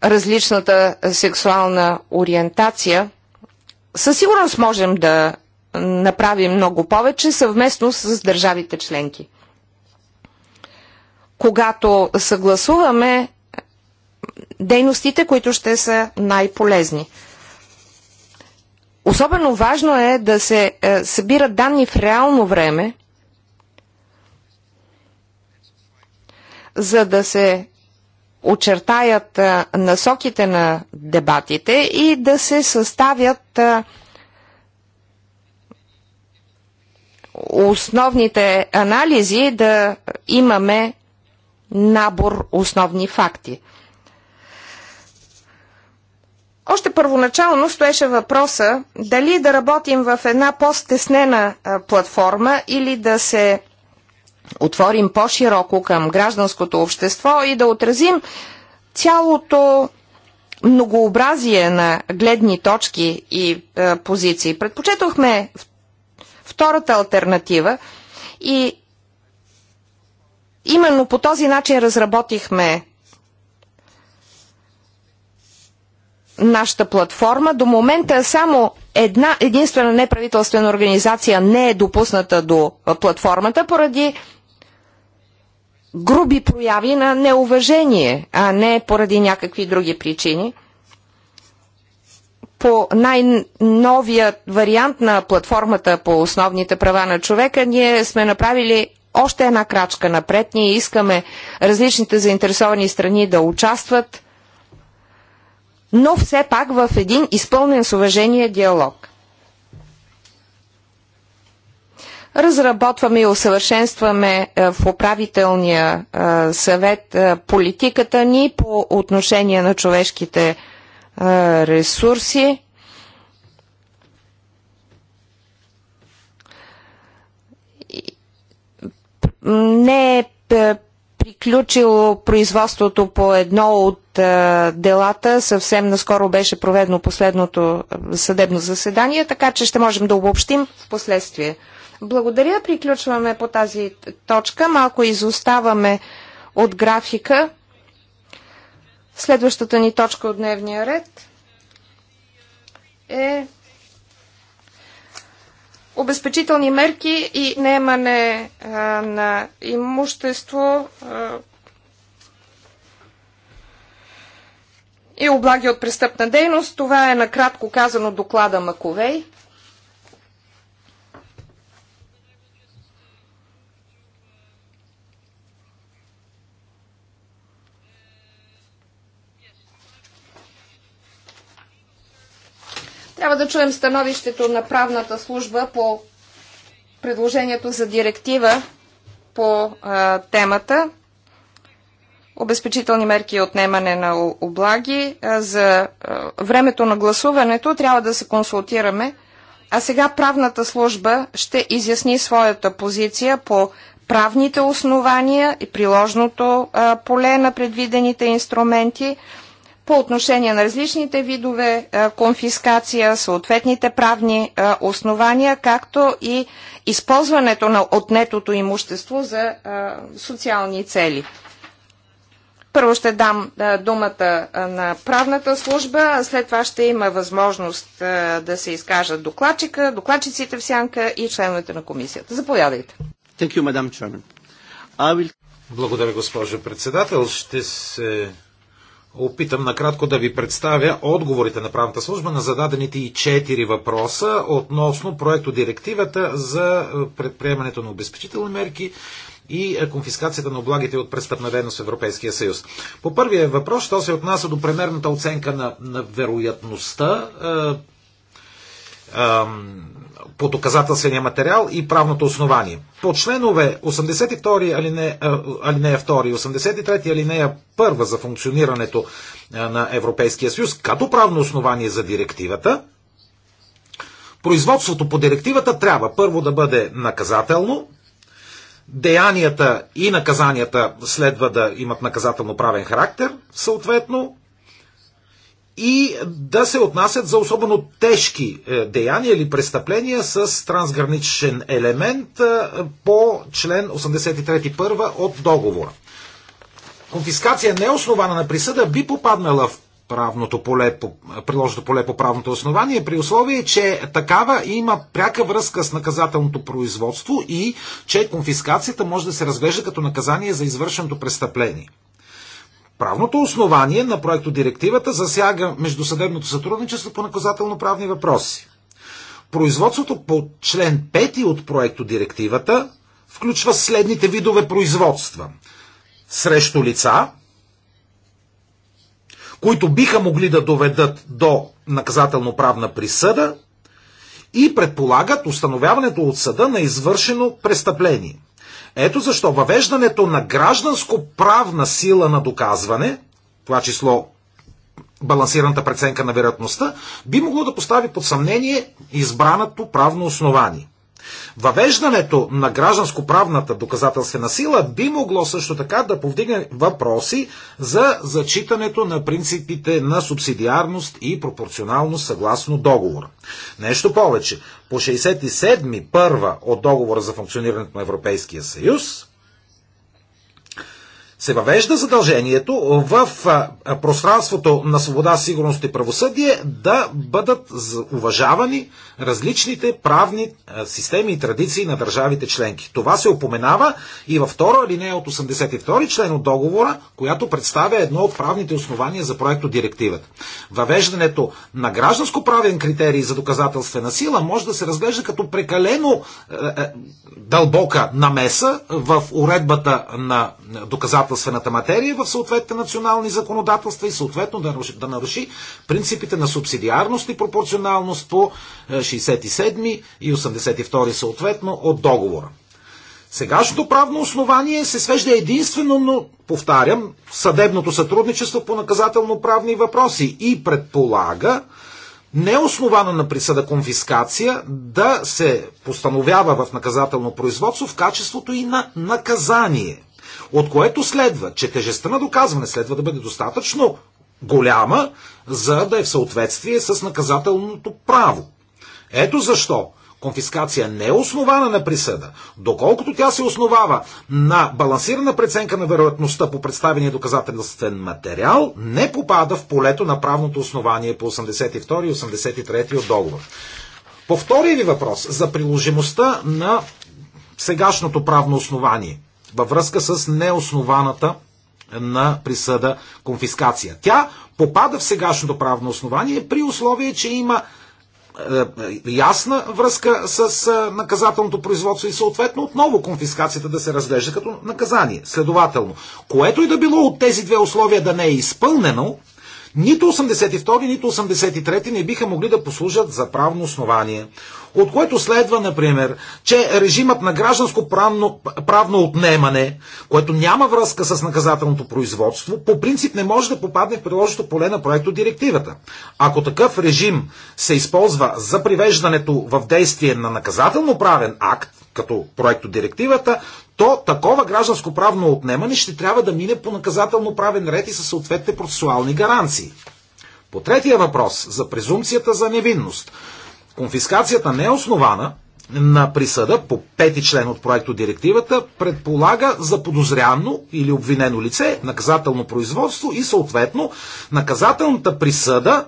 различната сексуална ориентация, със сигурност можем да направим много повече съвместно с държавите членки. Когато съгласуваме дейностите, които ще са най-полезни. Особено важно е да се е, събират данни в реално време, за да се очертаят е, насоките на дебатите и да се съставят е, основните анализи, да имаме набор основни факти – още първоначално стоеше въпроса дали да работим в една по-стеснена платформа или да се отворим по-широко към гражданското общество и да отразим цялото многообразие на гледни точки и е, позиции. Предпочетохме втората альтернатива и именно по този начин разработихме нашата платформа. До момента само една единствена неправителствена организация не е допусната до платформата поради груби прояви на неуважение, а не поради някакви други причини. По най-новия вариант на платформата по основните права на човека ние сме направили още една крачка напред. Ние искаме различните заинтересовани страни да участват – но все пак в един изпълнен с уважение диалог. Разработваме и усъвършенстваме е, в управителния е, съвет е, политиката ни по отношение на човешките ресурси. Не е приключило производството по едно от е, делата. Съвсем наскоро беше проведено последното е, съдебно заседание, така че ще можем да обобщим в последствие. Благодаря. Приключваме по тази точка. Малко изоставаме от графика. Следващата ни точка от дневния ред е обезпечителни мерки и неемане а, на имущество а, и облаги от престъпна дейност. Това е накратко казано доклада Маковей. Трябва да чуем становището на правната служба по предложението за директива по а, темата обезпечителни мерки и отнемане на облаги. За времето на гласуването трябва да се консултираме, а сега правната служба ще изясни своята позиция по правните основания и приложното поле на предвидените инструменти – по отношение на различните видове е, конфискация, съответните правни е, основания, както и използването на отнетото имущество за е, социални цели. Първо ще дам думата на правната служба, а след това ще има възможност да се изкажат докладчика, докладчиците в сянка и членовете на комисията. Заповядайте. Благодаря, госпожо председател. Ще се опитам накратко да ви представя отговорите на правната служба на зададените и четири въпроса относно проекто директивата за е, предприемането на обезпечителни мерки и е, конфискацията на облагите от престъпна дейност в Европейския съюз. По първия въпрос, що се отнася до премерната оценка на, на вероятността, е, е, по доказателствения материал и правното основание. По членове 82 алинея, алинея 2 и 83 алинея 1 за функционирането на Европейския съюз като правно основание за директивата, производството по директивата трябва първо да бъде наказателно, деянията и наказанията следва да имат наказателно правен характер, съответно, и да се отнасят за особено тежки е, деяния или престъпления с трансграничен елемент е, по член 83.1 от договора. Конфискация основана на присъда би попаднала в правното поле, приложното поле по правното основание, при условие, че такава има пряка връзка с наказателното производство и че конфискацията може да се разглежда като наказание за извършеното престъпление. Правното основание на проекто директивата засяга междусъдебното сътрудничество по наказателно-правни въпроси. Производството по член 5 от проекто директивата включва следните видове производства. Срещу лица, които биха могли да доведат до наказателно-правна присъда и предполагат установяването от съда на извършено престъпление. Ето защо въвеждането на гражданско-правна сила на доказване, това число балансираната преценка на вероятността, би могло да постави под съмнение избраното правно основание. Въвеждането на гражданско-правната доказателствена сила би могло също така да повдигне въпроси за зачитането на принципите на субсидиарност и пропорционалност съгласно договора. Нещо повече, по 67 първа от договора за функционирането на Европейския съюз, се въвежда задължението в пространството на свобода, сигурност и правосъдие да бъдат уважавани различните правни системи и традиции на държавите членки. Това се опоменава и във втора алинея от 82 член от договора, която представя едно от правните основания за проекто директивата. Въвеждането на гражданско-правен критерий за доказателствена сила може да се разглежда като прекалено дълбока намеса в уредбата на доказателствена законодателствената материя в съответните национални законодателства и съответно да наруши, да наруши принципите на субсидиарност и пропорционалност по е, 67 и 82 съответно от договора. Сегашното правно основание се свежда единствено, но, повтарям, съдебното сътрудничество по наказателно-правни въпроси и предполага неоснована на присъда конфискация да се постановява в наказателно производство в качеството и на наказание. От което следва, че тежестта на доказване следва да бъде достатъчно голяма, за да е в съответствие с наказателното право. Ето защо конфискация не е основана на присъда, доколкото тя се основава на балансирана преценка на вероятността по представения доказателствен материал, не попада в полето на правното основание по 82 и 83 от договор. По втория ви въпрос за приложимостта на сегашното правно основание във връзка с неоснованата на присъда конфискация. Тя попада в сегашното правно основание при условие, че има е, е, ясна връзка с е, наказателното производство и съответно отново конфискацията да се разглежда като наказание. Следователно, което и да било от тези две условия да не е изпълнено, нито 82, нито 83 не биха могли да послужат за правно основание. От което следва, например, че режимът на гражданско правно, правно отнемане, което няма връзка с наказателното производство, по принцип не може да попадне в приложното поле на проекто директивата. Ако такъв режим се използва за привеждането в действие на наказателно правен акт, като проекто директивата, то такова гражданско правно отнемане ще трябва да мине по наказателно правен ред и със съответните процесуални гаранции. По третия въпрос, за презумцията за невинност, Конфискацията не е основана на присъда по пети член от проекто директивата предполага за подозряно или обвинено лице наказателно производство и съответно наказателната присъда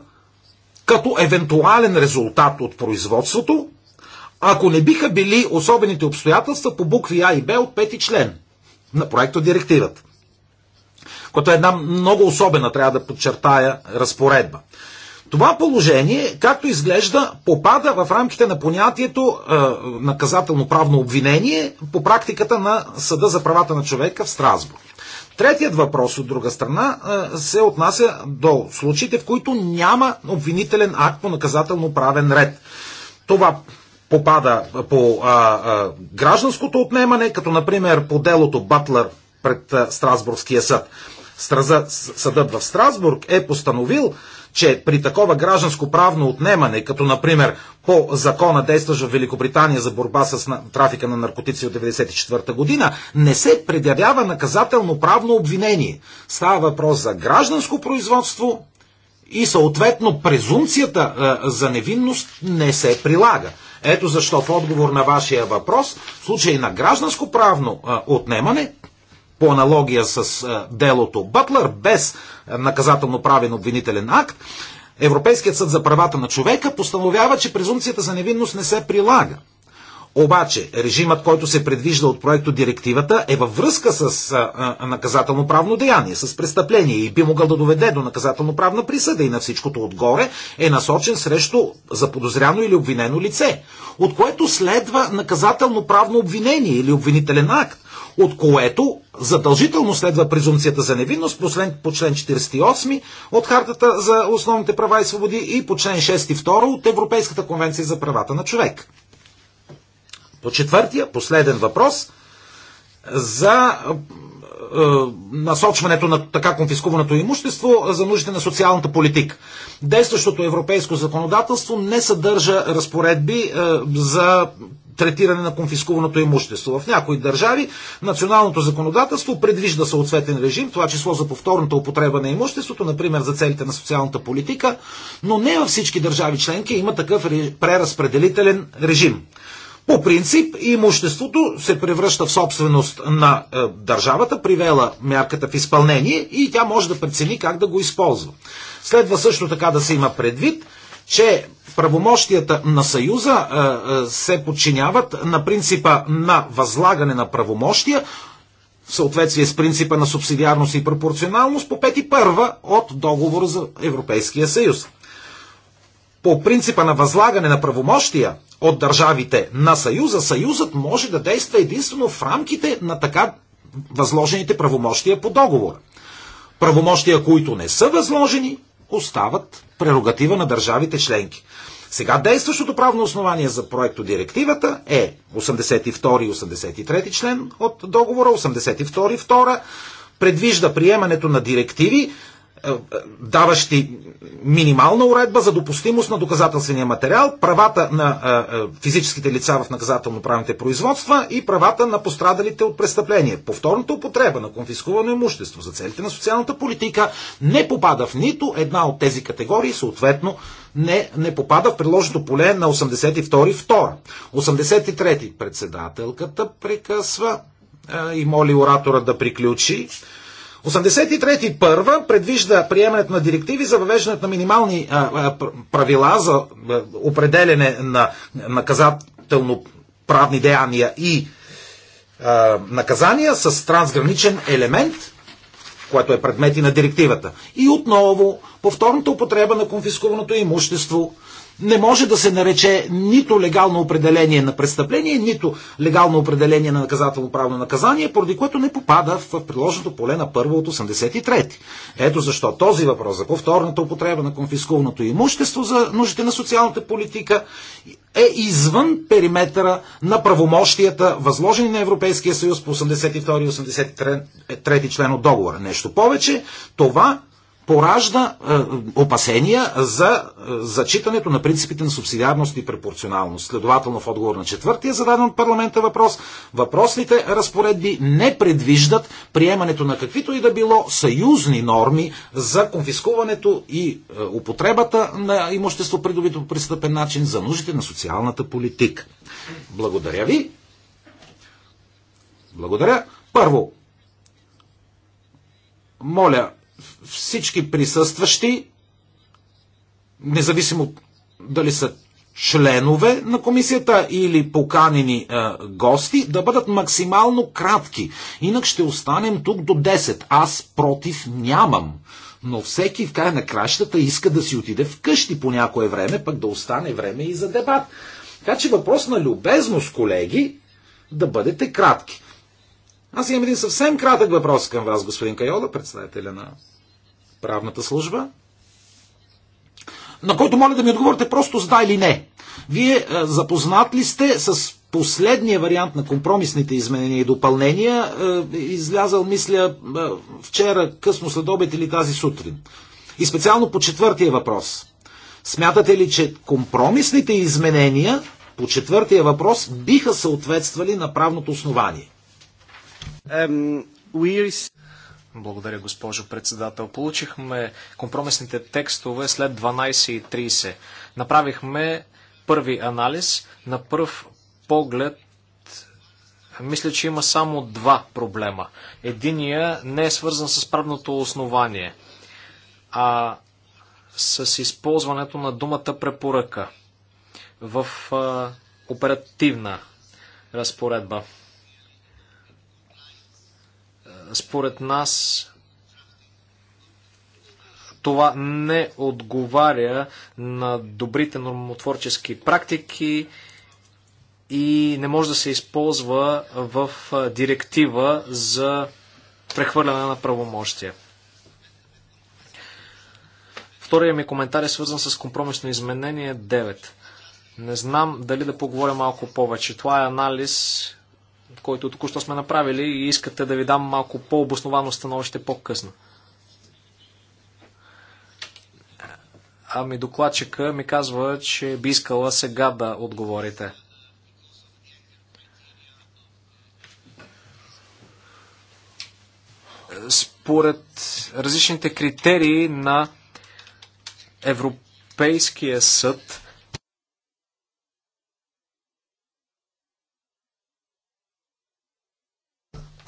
като евентуален резултат от производството, ако не биха били особените обстоятелства по букви А и Б от пети член на проекто директивата. Което е една много особена, трябва да подчертая, разпоредба. Това положение, както изглежда, попада в рамките на понятието е, наказателно-правно обвинение по практиката на Съда за правата на човека в Страсбург. Третият въпрос, от друга страна, е, се отнася до случаите, в които няма обвинителен акт по наказателно-правен ред. Това попада по а, е, а, е, гражданското отнемане, като например по делото Батлер пред а, е, Страсбургския съд. Страза, съдът в Страсбург е постановил, че при такова гражданско правно отнемане, като например по закона действащ в Великобритания за борба с трафика на наркотици от 1994 година, не се предявява наказателно правно обвинение. Става въпрос за гражданско производство и съответно презумцията е, за невинност не се прилага. Ето защо в отговор на вашия въпрос, в случай на гражданско правно е, отнемане, по аналогия с делото Бътлер, без наказателно правен обвинителен акт, Европейският съд за правата на човека постановява, че презумцията за невинност не се прилага. Обаче, режимът, който се предвижда от проекто директивата, е във връзка с наказателно-правно деяние, с престъпление и би могъл да доведе до наказателно-правна присъда и на всичкото отгоре е насочен срещу заподозряно или обвинено лице, от което следва наказателно-правно обвинение или обвинителен акт, от което задължително следва презумцията за невинност по член, по член 48 от Хартата за основните права и свободи и по член 6 и 2 от Европейската конвенция за правата на човек. По четвъртия, последен въпрос – за е, насочването на така конфискуваното имущество за нуждите на социалната политика. Действащото европейско законодателство не съдържа разпоредби е, за третиране на конфискуваното имущество. В някои държави националното законодателство предвижда съответен режим, това число за повторната употреба на имуществото, например за целите на социалната политика, но не във всички държави членки има такъв преразпределителен режим. По принцип, имуществото се превръща в собственост на е, държавата, привела мярката в изпълнение и тя може да прецени как да го използва. Следва също така да се има предвид, че правомощията на Съюза е, е, се подчиняват на принципа на възлагане на правомощия, в съответствие с принципа на субсидиарност и пропорционалност по пети първа от договора за Европейския съюз по принципа на възлагане на правомощия от държавите на Съюза, Съюзът може да действа единствено в рамките на така възложените правомощия по договора. Правомощия, които не са възложени, остават прерогатива на държавите членки. Сега действащото правно основание за проекто директивата е 82 и 83 член от договора, 82 2 предвижда приемането на директиви, е, даващи минимална уредба за допустимост на доказателствения материал, правата на е, е, физическите лица в наказателно-правните производства и правата на пострадалите от престъпление. Повторната употреба на конфискувано имущество за целите на социалната политика не попада в нито една от тези категории, съответно не, не попада в приложното поле на 82-и 2. 83-ти председателката прекъсва и моли оратора да приключи. 83 първа предвижда приемането на директиви за въвеждането на минимални а, а, правила за а, определене на наказателно правни деяния и а, наказания с трансграничен елемент, което е предмети на директивата. И отново повторната употреба на конфискуваното имущество не може да се нарече нито легално определение на престъпление, нито легално определение на наказателно правно наказание, поради което не попада в предложеното поле на първо от 83. Ето защо този въпрос за повторната употреба на конфискуваното имущество за нуждите на социалната политика е извън периметъра на правомощията, възложени на Европейския съюз по 82 и 83 член от договора. Нещо повече, това поражда е, опасения за е, зачитането на принципите на субсидиарност и пропорционалност. Следователно в отговор на четвъртия зададен от парламента въпрос, въпросните разпоредби не предвиждат приемането на каквито и да било съюзни норми за конфискуването и е, употребата на имущество придобито по престъпен начин за нуждите на социалната политика. Благодаря ви. Благодаря. Първо, моля всички присъстващи, независимо дали са членове на комисията или поканени е, гости, да бъдат максимално кратки. Инак ще останем тук до 10. Аз против нямам. Но всеки в края на кращата иска да си отиде вкъщи по някое време, пък да остане време и за дебат. Така че въпрос на любезност, колеги, да бъдете кратки. Аз имам един съвсем кратък въпрос към вас, господин Кайола, представителя на правната служба, на който моля да ми отговорите просто с да или не. Вие е, запознат ли сте с последния вариант на компромисните изменения и допълнения, е, излязал, мисля, е, вчера, късно след обед или тази сутрин? И специално по четвъртия въпрос. Смятате ли, че компромисните изменения по четвъртия въпрос биха съответствали на правното основание? Um, we... Благодаря, госпожо председател. Получихме компромисните текстове след 12.30. Направихме първи анализ. На първ поглед мисля, че има само два проблема. Единия не е свързан с правното основание, а с използването на думата препоръка в оперативна разпоредба. Според нас това не отговаря на добрите нормотворчески практики и не може да се използва в директива за прехвърляне на правомощия. Втория ми коментар е свързан с компромисно изменение 9. Не знам дали да поговоря малко повече. Това е анализ който току-що сме направили и искате да ви дам малко по-обосновано становище по-късно. Ами докладчика ми казва, че би искала сега да отговорите. Според различните критерии на Европейския съд,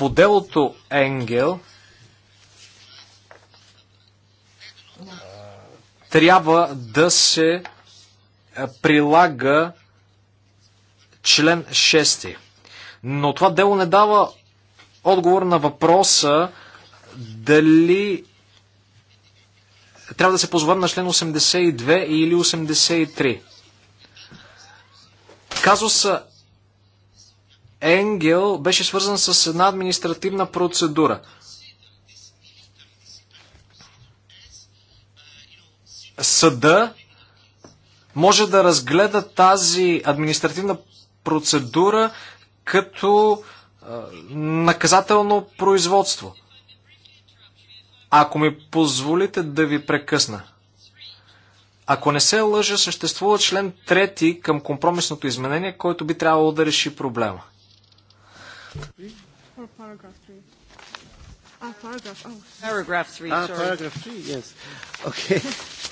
По делото Енгел трябва да се е, прилага член 6. Но това дело не дава отговор на въпроса дали трябва да се позовем на член 82 или 83. Казуса Енгел беше свързан с една административна процедура. Съда може да разгледа тази административна процедура като наказателно производство. Ако ми позволите да ви прекъсна. Ако не се лъжа, съществува член 3 към компромисното изменение, който би трябвало да реши проблема. Oh, paragraph ah, paragraph. Oh. Paragraph three. Ah, sorry. paragraph three. Yes. Okay.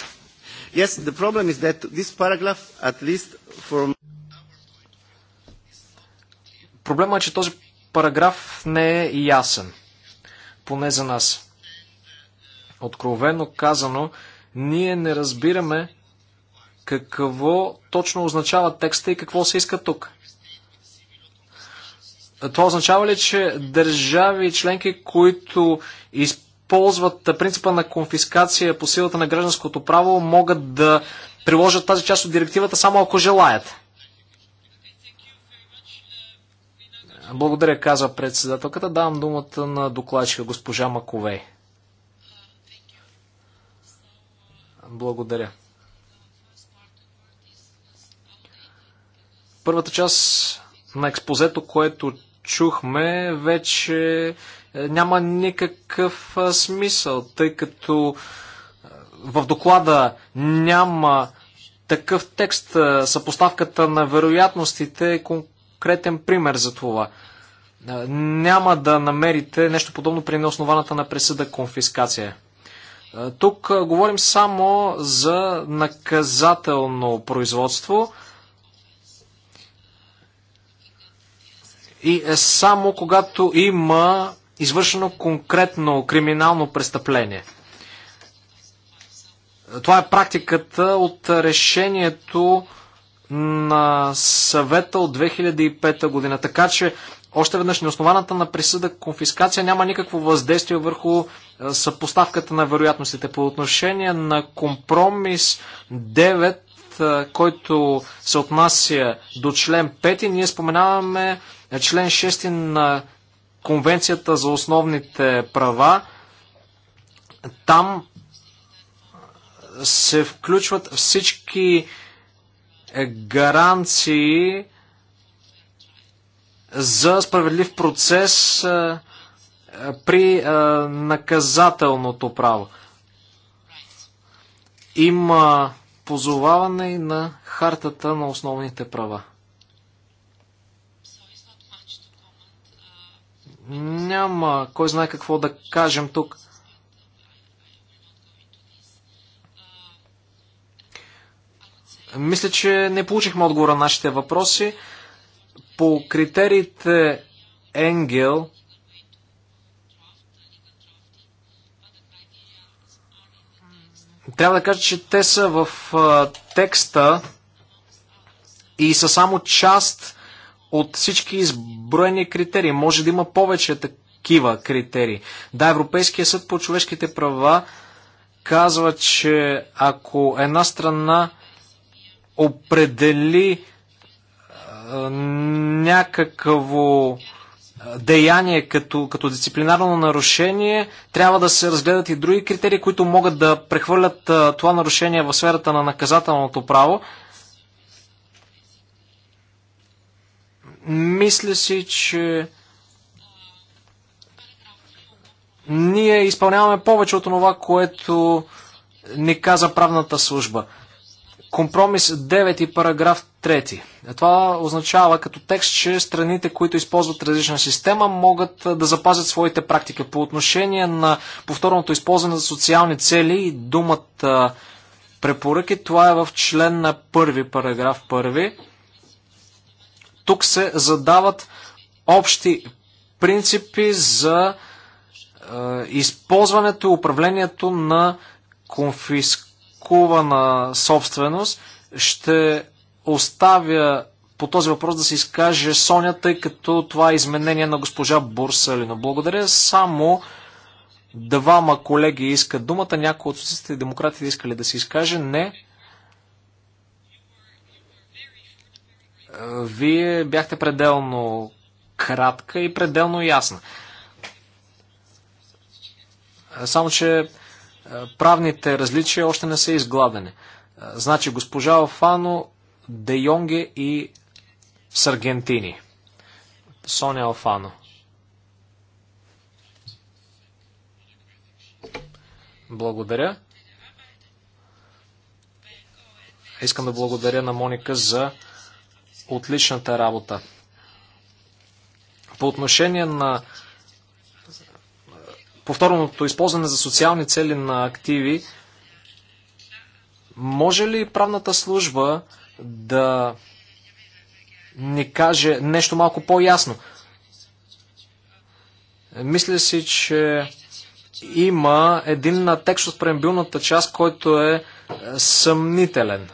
[laughs] yes. The problem is that this paragraph, at least from. Проблема е, че този параграф не е ясен. Поне за нас. Откровено казано, ние не разбираме какво точно означава текста и какво се иска тук това означава ли, че държави членки, които използват принципа на конфискация по силата на гражданското право, могат да приложат тази част от директивата само ако желаят? Благодаря, казва председателката. Давам думата на докладчика госпожа Маковей. Благодаря. Първата част на експозето, което чухме, вече е, няма никакъв е, смисъл, тъй като е, в доклада няма такъв текст. Съпоставката на вероятностите е конкретен пример за това. Няма да намерите нещо подобно при неоснованата на присъда конфискация. Тук говорим само за наказателно производство – и е само когато има извършено конкретно криминално престъпление. Това е практиката от решението на съвета от 2005 година. Така че, още веднъж, неоснованата на присъда конфискация няма никакво въздействие върху е, съпоставката на вероятностите. По отношение на компромис 9, е, който се отнася до член 5, ние споменаваме член 6 на Конвенцията за основните права, там се включват всички гаранции за справедлив процес при наказателното право. Има позоваване на хартата на основните права. Няма кой знае какво да кажем тук. Мисля, че не получихме отговора на нашите въпроси. По критериите Енгел, трябва да кажа, че те са в а, текста и са само част от всички изброени критерии. Може да има повече такива критерии. Да, Европейския съд по човешките права казва, че ако една страна определи някакво деяние като, като дисциплинарно нарушение, трябва да се разгледат и други критерии, които могат да прехвърлят това нарушение в сферата на наказателното право. Мисля си, че ние изпълняваме повече от това, което ни каза правната служба. Компромис 9 и параграф 3. Това означава като текст, че страните, които използват различна система, могат да запазят своите практики. По отношение на повторното използване за социални цели и думата препоръки, това е в член на първи параграф 1. Тук се задават общи принципи за е, използването и управлението на конфискувана собственост. Ще оставя по този въпрос да се изкаже Соня, тъй като това е изменение на госпожа Бурсалина. Благодаря. Само двама колеги искат думата. Някои от социалистите и демократите искали да се изкаже. Не. Вие бяхте пределно кратка и пределно ясна. Само, че е, правните различия още не са изгладени. Е, значи госпожа Алфано, Де Йонге и Саргентини. Соня Алфано. Благодаря. Искам да благодаря на Моника за отличната работа. По отношение на е, повторното използване за социални цели на активи, може ли правната служба да ни каже нещо малко по-ясно? Мисля си, че има един текст от преамбилната част, който е, е съмнителен.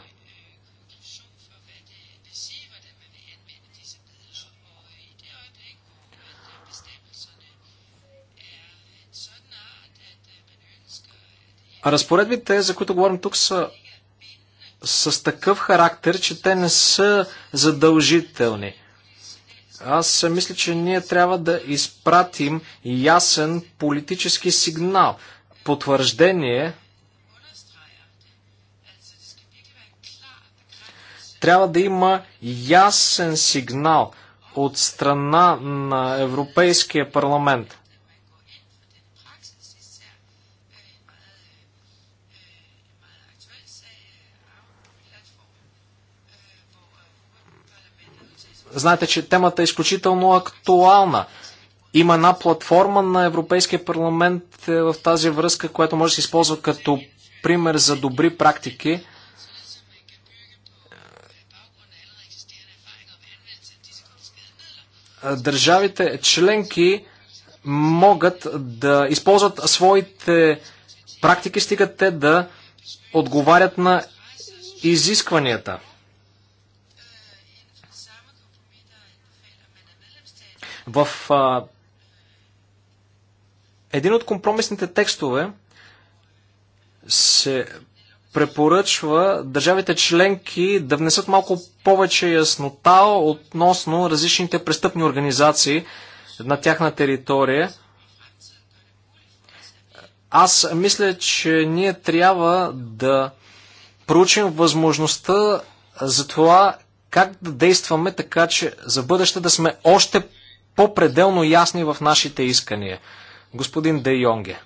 Разпоредбите, за които говорим тук, са с такъв характер, че те не са задължителни. Аз мисля, че ние трябва да изпратим ясен политически сигнал, потвърждение. Трябва да има ясен сигнал от страна на Европейския парламент. Знаете, че темата е изключително актуална. Има една платформа на Европейския парламент е, в тази връзка, която може да се използва като пример за добри практики. Държавите членки могат да използват своите практики, стигат те да отговарят на изискванията. В а, един от компромисните текстове се препоръчва държавите членки да внесат малко повече яснота относно различните престъпни организации на тяхна територия. Аз мисля, че ние трябва да проучим възможността за това как да действаме така, че за бъдеще да сме още по-пределно ясни в нашите искания. Господин Де Йонге.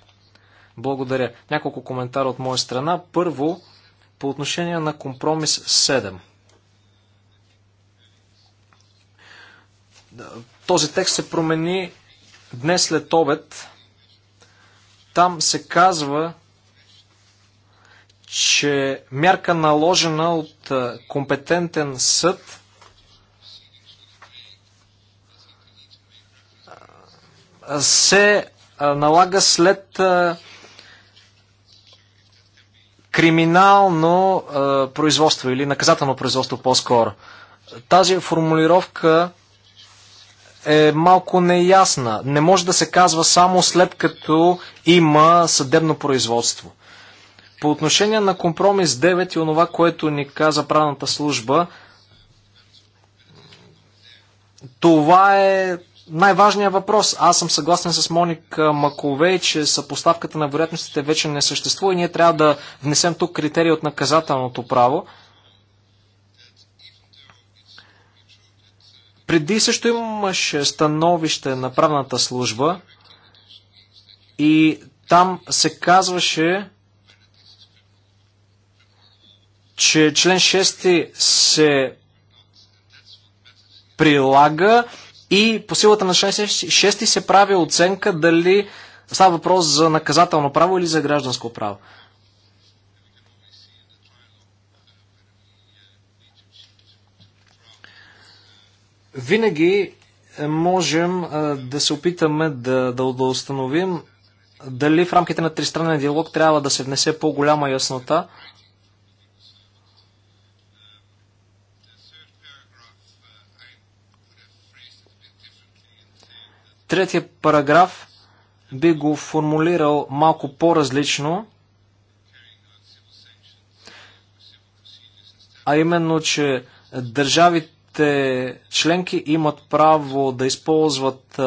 Благодаря. Няколко коментара от моя страна. Първо, по отношение на компромис 7. Този текст се промени днес след обед. Там се казва, че мярка наложена от компетентен съд се налага след криминално производство или наказателно производство по-скоро. Тази формулировка е малко неясна. Не може да се казва само след като има съдебно производство. По отношение на компромис 9 и онова, което ни каза правната служба, това е най-важният въпрос. Аз съм съгласен с Моник Маковей, че съпоставката на вероятностите вече не съществува и ние трябва да внесем тук критерии от наказателното право. Преди също имаше становище на правната служба и там се казваше, че член 6 се прилага и по силата на 6 се прави оценка дали става въпрос за наказателно право или за гражданско право. Винаги е, можем е, да се опитаме да, да, да установим дали в рамките на тристранен диалог трябва да се внесе по-голяма яснота Третия параграф би го формулирал малко по-различно, а именно, че държавите членки имат право да използват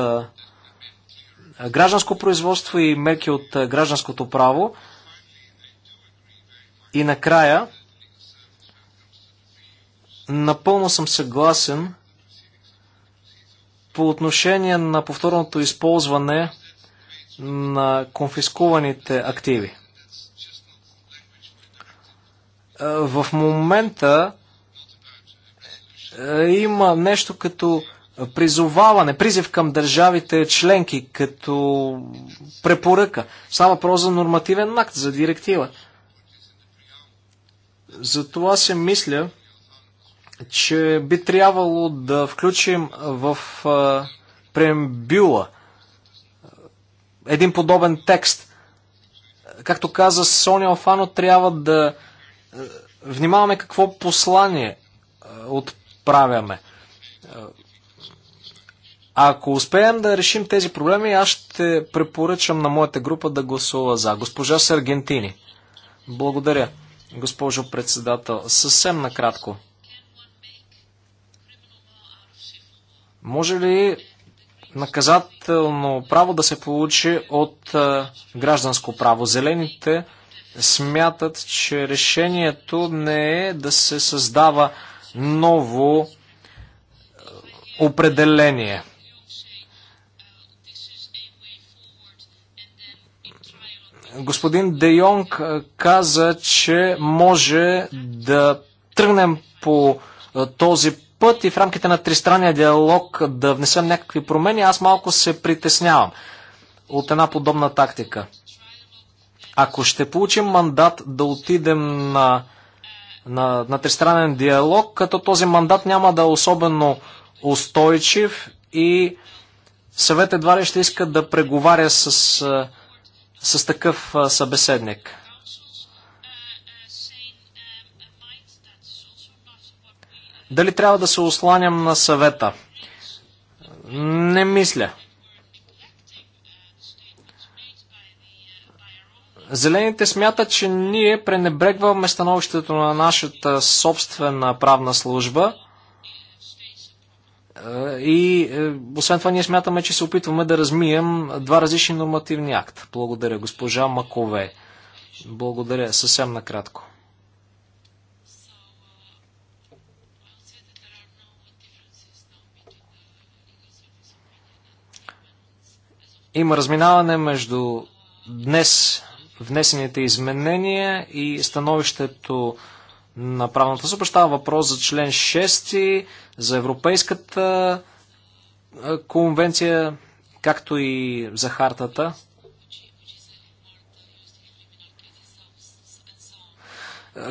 гражданско производство и мерки от гражданското право. И накрая, напълно съм съгласен, по отношение на повторното използване на конфискуваните активи. Е, в момента е, има нещо като призоваване, призив към държавите членки, като препоръка. Става въпрос за нормативен акт, за директива. Затова се мисля, че би трябвало да включим в преамбюла един подобен текст. Както каза Соня Алфано, трябва да внимаваме какво послание отправяме. Ако успеем да решим тези проблеми, аз ще препоръчам на моята група да гласува за. Госпожа Саргентини. Благодаря, госпожо председател. Съвсем накратко. Може ли наказателно право да се получи от е, гражданско право? Зелените смятат, че решението не е да се създава ново е, определение. Господин Де Йонг е, каза, че може да тръгнем по този път и в рамките на тристранния диалог да внесем някакви промени, аз малко се притеснявам от една подобна тактика. Ако ще получим мандат да отидем на, на, на тристранен диалог, като този мандат няма да е особено устойчив и съвет едва ли ще иска да преговаря с, с такъв събеседник. Дали трябва да се осланям на съвета? Не мисля. Зелените смятат, че ние пренебрегваме становището на нашата собствена правна служба е, и е, освен това ние смятаме, че се опитваме да размием два различни нормативни акта. Благодаря, госпожа Макове. Благодаря, съвсем накратко. Има разминаване между днес внесените изменения и становището на правната супер. Става въпрос за член 6, за Европейската конвенция, както и за хартата.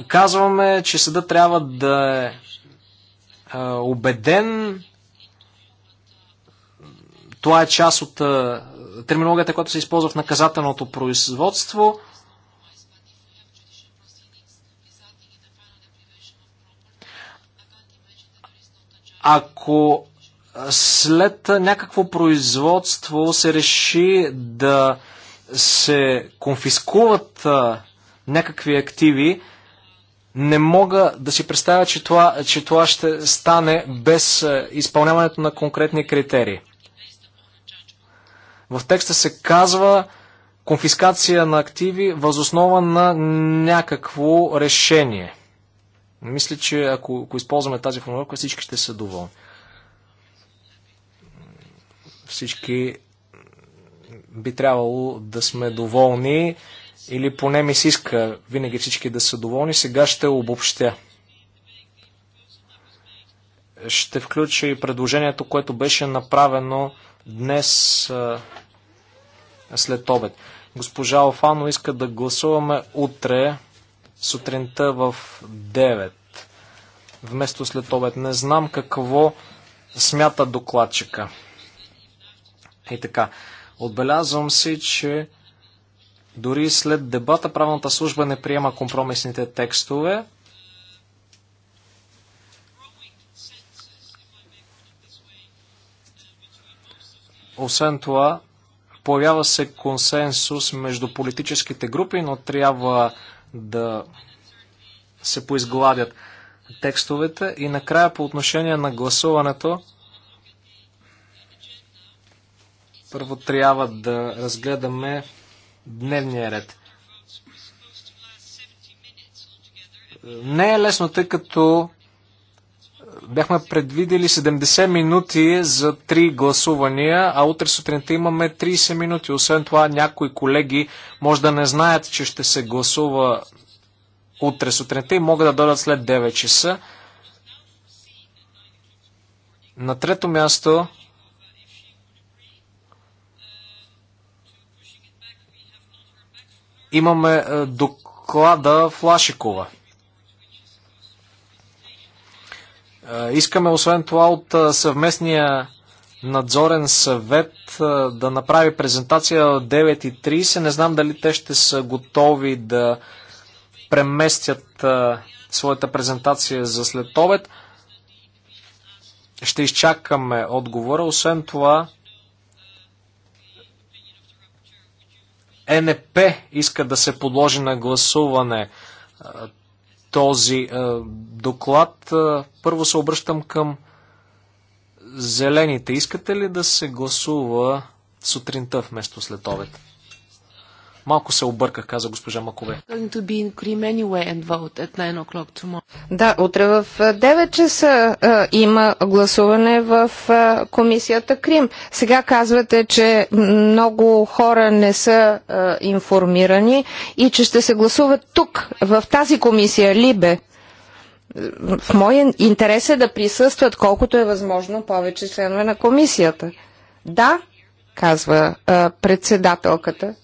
Казваме, че съда трябва да е убеден това е част от терминологията, която се използва в наказателното производство. Ако след някакво производство се реши да се конфискуват някакви активи, не мога да си представя, че това, че това ще стане без изпълняването на конкретни критерии. В текста се казва конфискация на активи възоснова на някакво решение. Мисля, че ако, ако използваме тази формулировка, всички ще са доволни. Всички би трябвало да сме доволни или поне ми се иска винаги всички да са доволни. Сега ще обобщя. Ще включа и предложението, което беше направено днес след обед. Госпожа Офано иска да гласуваме утре сутринта в 9 вместо след обед. Не знам какво смята докладчика. И така, отбелязвам си, че дори след дебата правната служба не приема компромисните текстове. Освен това, появява се консенсус между политическите групи, но трябва да се поизгладят текстовете. И накрая по отношение на гласуването, първо трябва да разгледаме дневния ред. Не е лесно, тъй като Бяхме предвидели 70 минути за три гласувания, а утре сутринта имаме 30 минути. Освен това, някои колеги може да не знаят, че ще се гласува утре сутринта и могат да дойдат след 9 часа. На трето място имаме е, доклада Флашикова. Искаме освен това от съвместния надзорен съвет да направи презентация 9.30. Не знам дали те ще са готови да преместят своята презентация за след обед. Ще изчакаме отговора. Освен това, НП иска да се подложи на гласуване този е, доклад. Е, първо се обръщам към зелените. Искате ли да се гласува сутринта вместо след обед? Малко се обърках, каза госпожа Макове. Да, утре в 9 часа а, има гласуване в а, комисията Крим. Сега казвате, че много хора не са а, информирани и че ще се гласуват тук, в тази комисия Либе в моя интерес е да присъстват колкото е възможно повече членове на комисията. Да, казва а, председателката.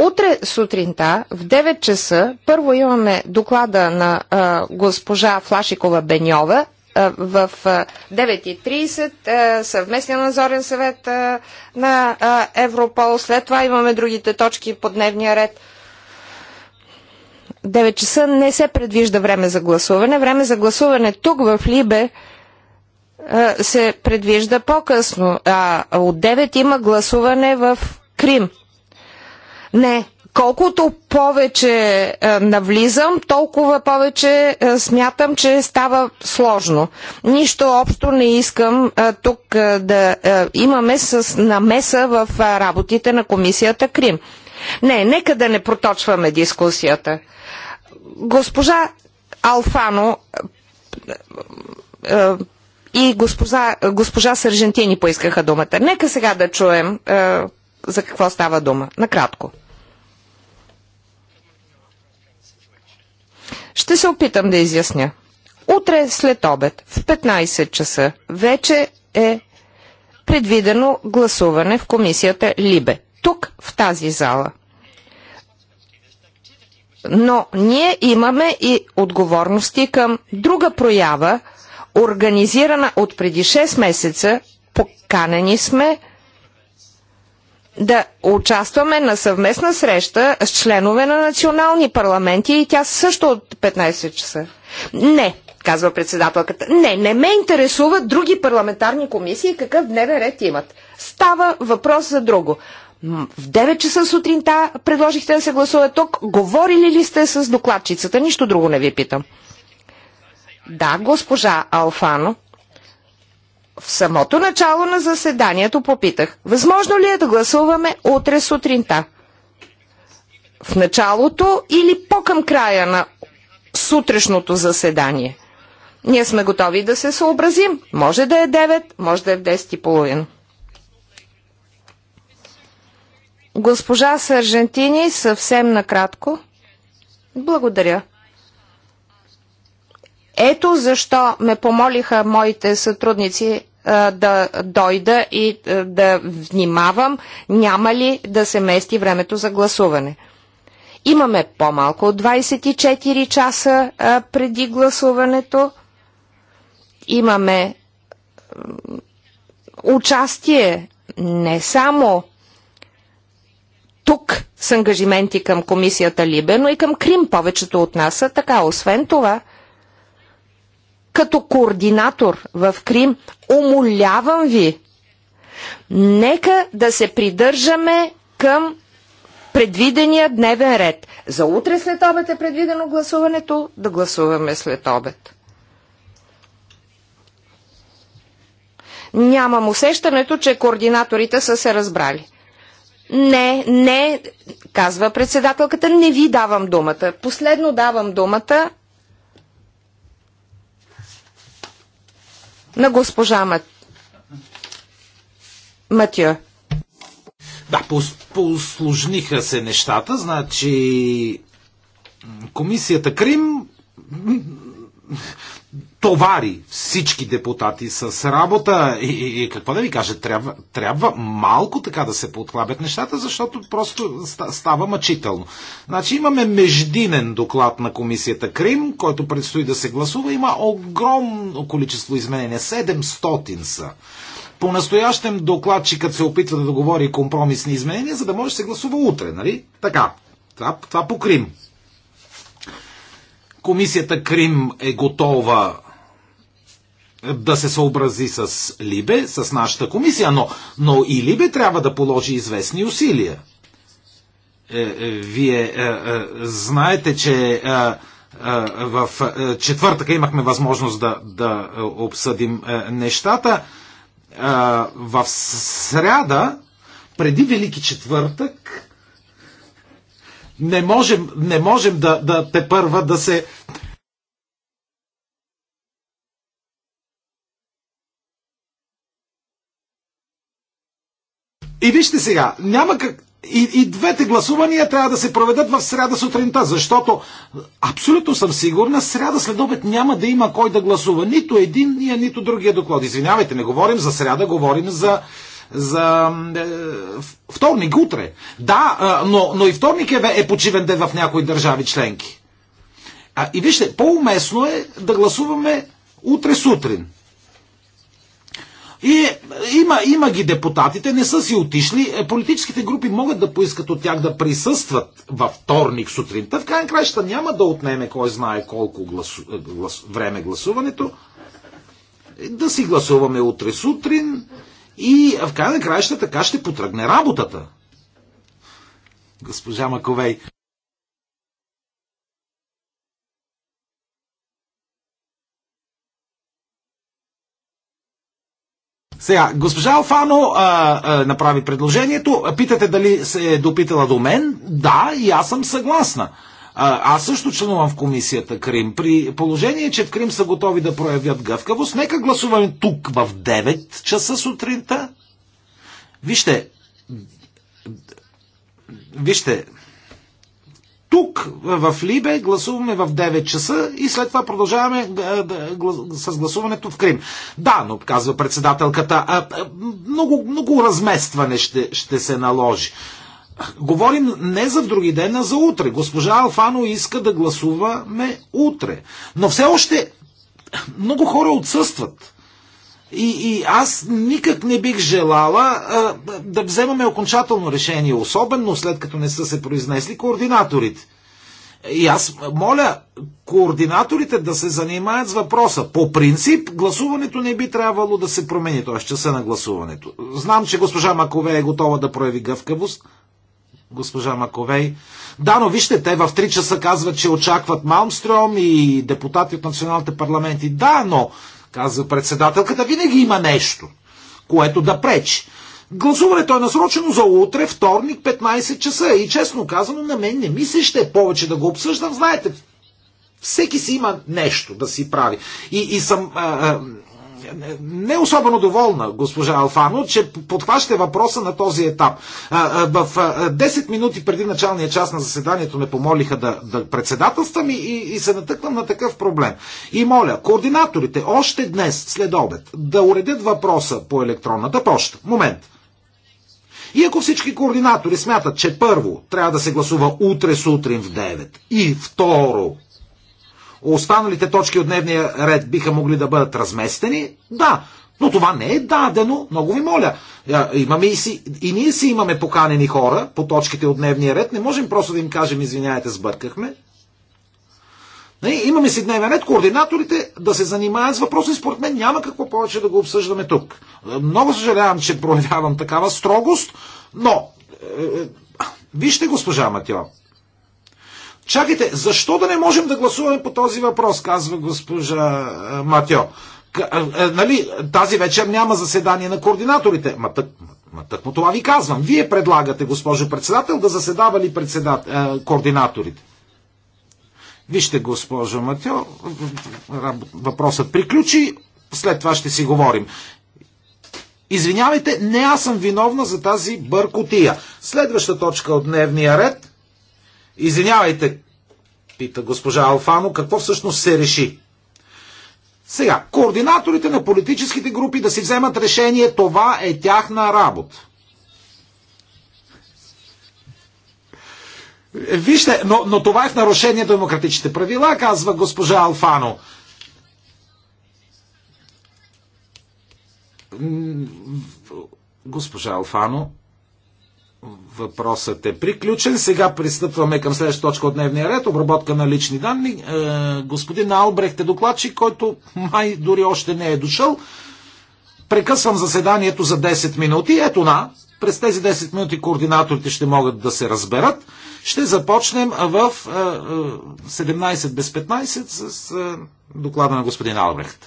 Утре сутринта в 9 часа първо имаме доклада на а, госпожа Флашикова Беньова в 9.30 съвместния назорен съвет а, на а, Европол. След това имаме другите точки по дневния ред. 9 часа не се предвижда време за гласуване. Време за гласуване тук в Либе се предвижда по-късно. А от 9 има гласуване в Крим. Не, колкото повече е, навлизам, толкова повече е, смятам, че става сложно. Нищо общо не искам е, тук да имаме с намеса в работите на комисията Крим. Не, нека да не проточваме дискусията. Госпожа Алфано и госпожа, госпожа Сържентини поискаха думата. Нека сега да чуем за какво става дума. Накратко. Ще се опитам да изясня. Утре след обед в 15 часа вече е предвидено гласуване в комисията Либе. Тук, в тази зала. Но ние имаме и отговорности към друга проява, организирана от преди 6 месеца. Поканени сме да участваме на съвместна среща с членове на национални парламенти и тя също от 15 часа. Не, казва председателката. Не, не ме интересуват други парламентарни комисии какъв дневен ред имат. Става въпрос за друго. В 9 часа сутринта предложихте да се гласува тук. Говорили ли сте с докладчицата? Нищо друго не ви питам. Да, госпожа Алфано в самото начало на заседанието попитах, възможно ли е да гласуваме утре сутринта? В началото или по-към края на сутрешното заседание? Ние сме готови да се съобразим. Може да е 9, може да е в 10.30. Госпожа Сържентини, съвсем накратко. Благодаря. Ето защо ме помолиха моите сътрудници да дойда и да внимавам няма ли да се мести времето за гласуване. Имаме по-малко от 24 часа преди гласуването. Имаме участие не само тук с ангажименти към комисията Либе, но и към Крим. Повечето от нас са така. Освен това, като координатор в Крим, умолявам ви, нека да се придържаме към предвидения дневен ред. За утре след обед е предвидено гласуването, да гласуваме след обед. Нямам усещането, че координаторите са се разбрали. Не, не, казва председателката, не ви давам думата. Последно давам думата на госпожа Мат... Матю. Да, посложниха се нещата, значи комисията Крим товари всички депутати с работа и, и какво да ви кажа, трябва, трябва малко така да се подхлабят нещата, защото просто става мъчително. Значи имаме междинен доклад на комисията Крим, който предстои да се гласува. Има огромно количество изменения, 700 са. По настоящем докладчикът се опитва да договори компромисни изменения, за да може да се гласува утре, нали? Така. Това, това по Крим. Комисията Крим е готова да се съобрази с Либе, с нашата комисия, но, но и Либе трябва да положи известни усилия. Е, е, вие е, е знаете, че е, е, в четвъртъка имахме възможност да, да обсъдим нещата. В сряда, преди Велики четвъртък, не можем, не можем да, да те първа да се И вижте сега, няма как. И, и двете гласувания трябва да се проведат в среда сутринта, защото абсолютно съм сигурна, сряда след обед няма да има кой да гласува нито един, ние, нито другия доклад. Извинявайте, не говорим за сряда, говорим за, за е, вторник, утре. Да, е, но, но и вторник е, е почивен ден в някои държави членки. А, и вижте, по-уместно е да гласуваме утре сутрин. И е, има, има ги депутатите, не са си отишли. Е, политическите групи могат да поискат от тях да присъстват във вторник сутринта. В крайна краща няма да отнеме кой знае колко гласу, е, глас, време гласуването. Да си гласуваме утре сутрин и в крайна краща така ще потръгне работата. Госпожа Маковей. Сега, госпожа Алфано а, а, направи предложението. Питате дали се е допитала до мен? Да, и аз съм съгласна. А, аз също членувам в комисията Крим. При положение, че в Крим са готови да проявят гъвкавост, нека гласуваме тук в 9 часа сутринта. Вижте, вижте, тук в Либе гласуваме в 9 часа и след това продължаваме с гласуването в Крим. Да, но казва председателката, много, много разместване ще, ще се наложи. Говорим не за в други ден, а за утре. Госпожа Алфано иска да гласуваме утре. Но все още много хора отсъстват. И, и аз никак не бих желала а, да вземаме окончателно решение, особено след като не са се произнесли координаторите. И аз моля координаторите да се занимаят с въпроса. По принцип, гласуването не би трябвало да се промени, т.е. часа на гласуването. Знам, че госпожа Макове е готова да прояви гъвкавост. Госпожа Маковей. Да, но вижте, те в 3 часа казват, че очакват Малмстром и депутати от националните парламенти. Да, но казва председателката, винаги има нещо, което да пречи. Гласуването е насрочено за утре, вторник, 15 часа. И честно казано, на мен не ми се ще повече да го обсъждам. Знаете, всеки си има нещо да си прави. И, и съм а, а, не особено доволна госпожа Алфано, че подхващате въпроса на този етап. В 10 минути преди началния час на заседанието ме помолиха да, да председателствам и, и се натъквам на такъв проблем. И моля, координаторите още днес, след обед, да уредят въпроса по електронната почта. Момент. И ако всички координатори смятат, че първо трябва да се гласува утре сутрин в 9 и второ Останалите точки от дневния ред биха могли да бъдат разместени. Да, но това не е дадено, много ви моля. Е, имаме и, си, и ние си имаме поканени хора по точките от дневния ред. Не можем просто да им кажем, извиняйте, сбъркахме. Не, имаме си дневен ред, координаторите да се занимаят с въпроса и според мен няма какво повече да го обсъждаме тук. Много съжалявам, че проявявам такава строгост, но е, е, вижте госпожа Матьо, Чакайте, защо да не можем да гласуваме по този въпрос, казва госпожа е, Матьо. Е, е, нали, тази вечер няма заседание на координаторите. Ма, тък, ма това ви казвам. Вие предлагате, госпожо председател, да заседава ли председат, е, координаторите. Вижте, госпожо Матьо, въпросът приключи, след това ще си говорим. Извинявайте, не аз съм виновна за тази бъркотия. Следваща точка от дневния ред Извинявайте, пита госпожа Алфано, какво всъщност се реши? Сега, координаторите на политическите групи да си вземат решение, това е тяхна работа. Вижте, но, но това е в нарушение на демократичните правила, казва госпожа Алфано. Госпожа Алфано Въпросът е приключен. Сега пристъпваме към следващата точка от дневния ред. Обработка на лични данни. Е, господин Албрехт е докладчик, който май дори още не е дошъл. Прекъсвам заседанието за 10 минути. Ето на, през тези 10 минути координаторите ще могат да се разберат. Ще започнем в 17 е, е, без 15 с доклада на господин Албрехт.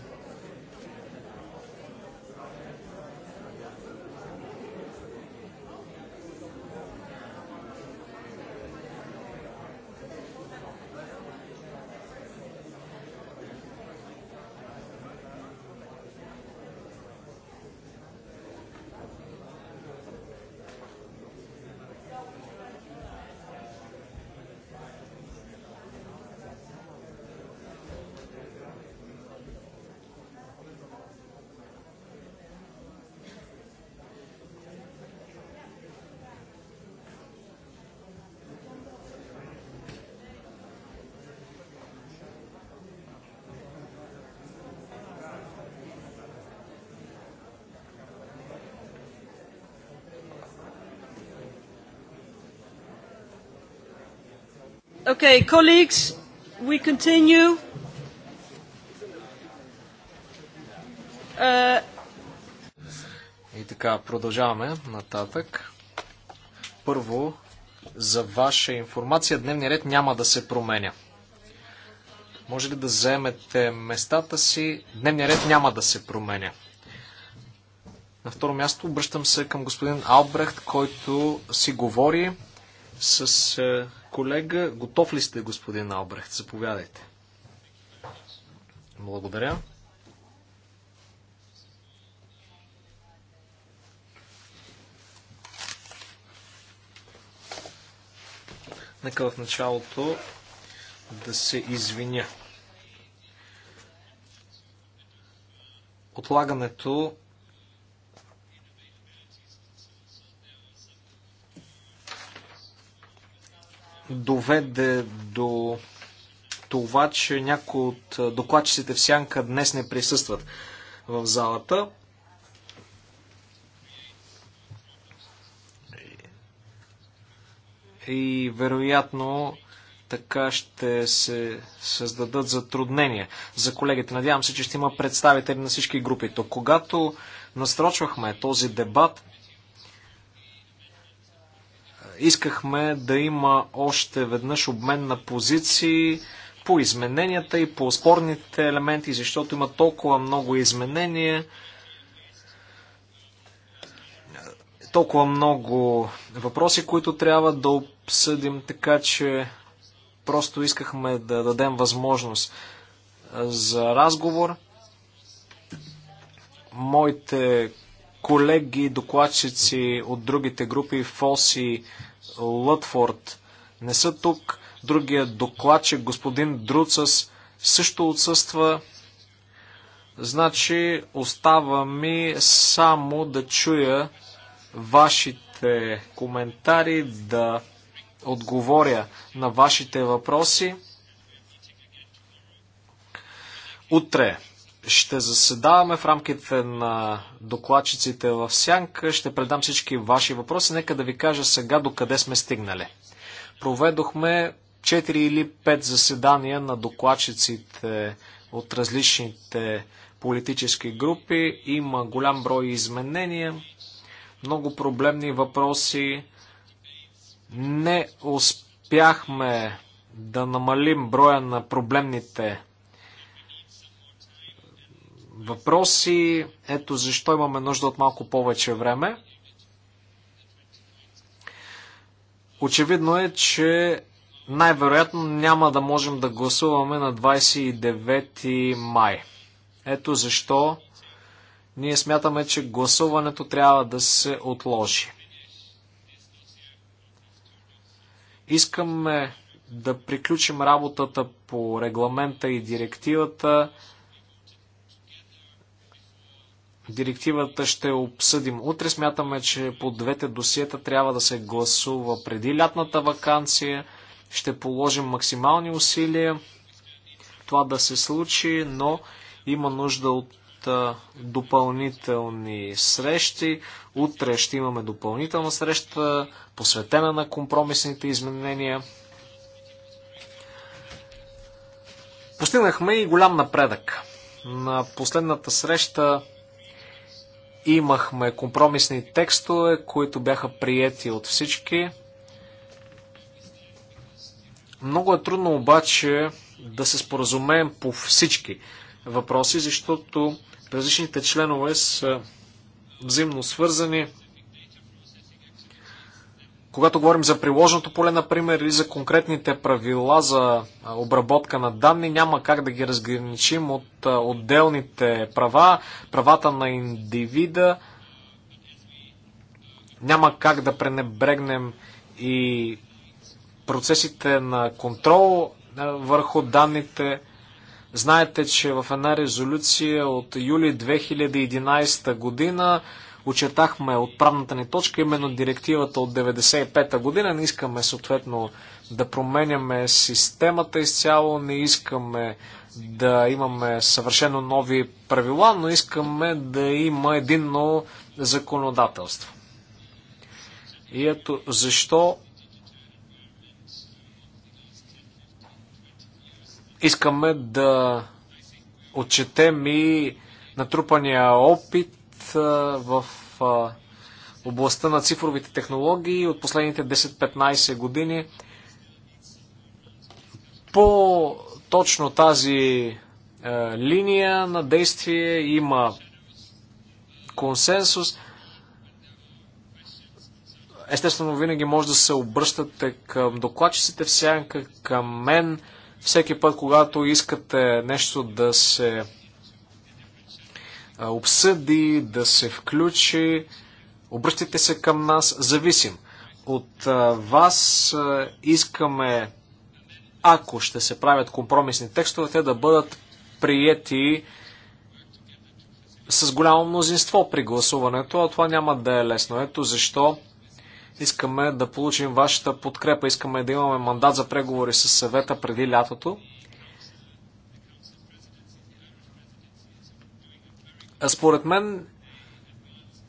Okay, colleagues, we continue. Uh... И така, продължаваме нататък. Първо, за ваша информация, дневният ред няма да се променя. Може ли да заемете местата си? Дневният ред няма да се променя. На второ място обръщам се към господин Албрехт, който си говори с е, колега. Готов ли сте, господин Албрехт? Заповядайте. Благодаря. Нека в началото да се извиня. Отлагането доведе до това, че някои от докладчиците в сянка днес не присъстват в залата. И вероятно така ще се създадат затруднения за колегите. Надявам се, че ще има представители на всички групи. То когато насрочвахме този дебат, Искахме да има още веднъж обмен на позиции по измененията и по спорните елементи, защото има толкова много изменения, толкова много въпроси, които трябва да обсъдим, така че просто искахме да дадем възможност за разговор. Моите колеги, докладчици от другите групи, ФОС и Лътфорд не са тук. Другия докладчик, господин Друцъс, също отсъства. Значи остава ми само да чуя вашите коментари, да отговоря на вашите въпроси. Утре ще заседаваме в рамките на докладчиците в Сянка. Ще предам всички ваши въпроси. Нека да ви кажа сега до къде сме стигнали. Проведохме 4 или 5 заседания на докладчиците от различните политически групи. Има голям брой изменения, много проблемни въпроси. Не успяхме да намалим броя на проблемните въпроси. Ето защо имаме нужда от малко повече време. Очевидно е, че най-вероятно няма да можем да гласуваме на 29 май. Ето защо ние смятаме, че гласуването трябва да се отложи. Искаме да приключим работата по регламента и директивата Директивата ще обсъдим утре. Смятаме, че по двете досиета трябва да се гласува преди лятната вакансия. Ще положим максимални усилия това да се случи, но има нужда от допълнителни срещи. Утре ще имаме допълнителна среща, посветена на компромисните изменения. Постигнахме и голям напредък. На последната среща Имахме компромисни текстове, които бяха приети от всички. Много е трудно обаче да се споразумеем по всички въпроси, защото различните членове са взаимно свързани. Когато говорим за приложното поле, например, или за конкретните правила за обработка на данни, няма как да ги разграничим от отделните права, правата на индивида. Няма как да пренебрегнем и процесите на контрол върху данните. Знаете, че в една резолюция от юли 2011 година очертахме отправната ни точка, именно директивата от 95-та година. Не искаме съответно да променяме системата изцяло, не искаме да имаме съвършено нови правила, но искаме да има единно законодателство. И ето защо искаме да отчетем и натрупания опит в областта на цифровите технологии от последните 10-15 години. По точно тази линия на действие има консенсус. Естествено, винаги може да се обръщате към докладчиците в сянка, към мен. Всеки път, когато искате нещо да се обсъди, да се включи. Обръщайте се към нас, зависим. От вас искаме, ако ще се правят компромисни текстове, те да бъдат приети с голямо мнозинство при гласуването, а това няма да е лесно. Ето защо искаме да получим вашата подкрепа, искаме да имаме мандат за преговори с съвета преди лятото, Според мен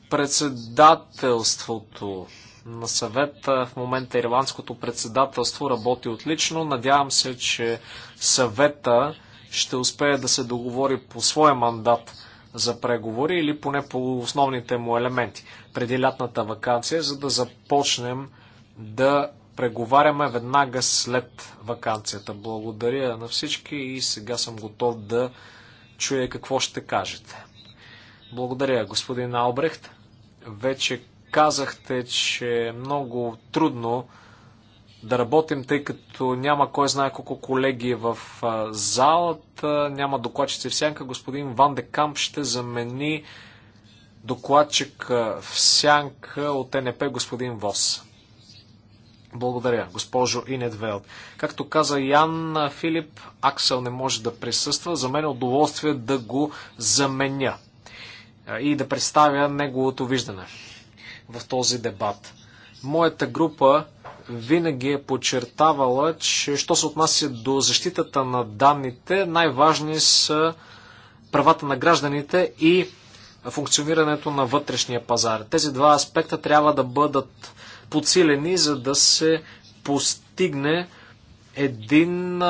председателството на съвета в момента ирландското председателство работи отлично. Надявам се, че съвета ще успее да се договори по своя мандат за преговори или поне по основните му елементи преди лятната вакансия, за да започнем да преговаряме веднага след вакансията. Благодаря на всички и сега съм готов да чуя какво ще кажете. Благодаря, господин Албрехт. Вече казахте, че е много трудно да работим, тъй като няма кой знае колко колеги в залата, няма докладчици в сянка. Господин Ван де Камп ще замени докладчик в сянка от НП господин Вос. Благодаря, госпожо Инедвелд. Както каза Ян Филип, Аксел не може да присъства. За мен е удоволствие да го заменя и да представя неговото виждане в този дебат. Моята група винаги е подчертавала, че що се отнася до защитата на данните, най-важни са правата на гражданите и функционирането на вътрешния пазар. Тези два аспекта трябва да бъдат подсилени, за да се постигне един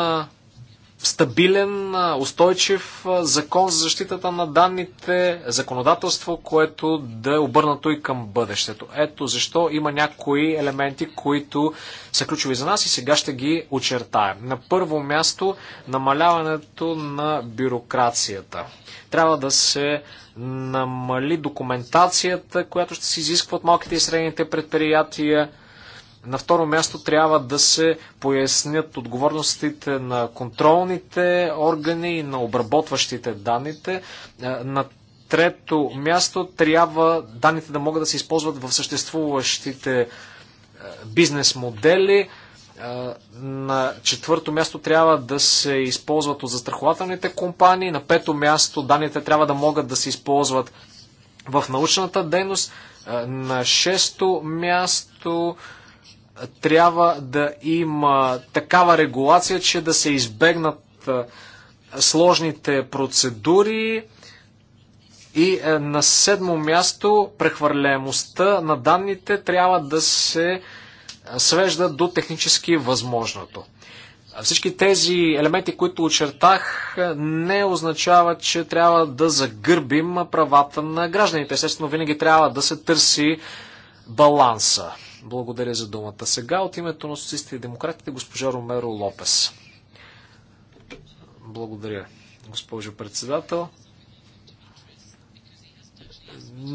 стабилен, устойчив закон за защитата на данните, законодателство, което да е обърнато и към бъдещето. Ето защо има някои елементи, които са ключови за нас и сега ще ги очертаем. На първо място намаляването на бюрокрацията. Трябва да се намали документацията, която ще се изисква от малките и средните предприятия, на второ място трябва да се пояснят отговорностите на контролните органи и на обработващите данните. Е, на трето място трябва данните да могат да се използват в съществуващите е, бизнес модели. Е, на четвърто място трябва да се използват от застрахователните компании. На пето място данните трябва да могат да се използват в научната дейност. На шесто място трябва да има такава регулация, че да се избегнат сложните процедури. И е, на седмо място, прехвърляемостта на данните трябва да се е, свежда до технически възможното. Всички тези елементи, които очертах, е, не означават, че трябва да загърбим правата на гражданите. Естествено, винаги трябва да се търси баланса. Благодаря за думата. Сега от името на социалистите и демократите госпожа Ромеро Лопес. Благодаря, госпожо председател.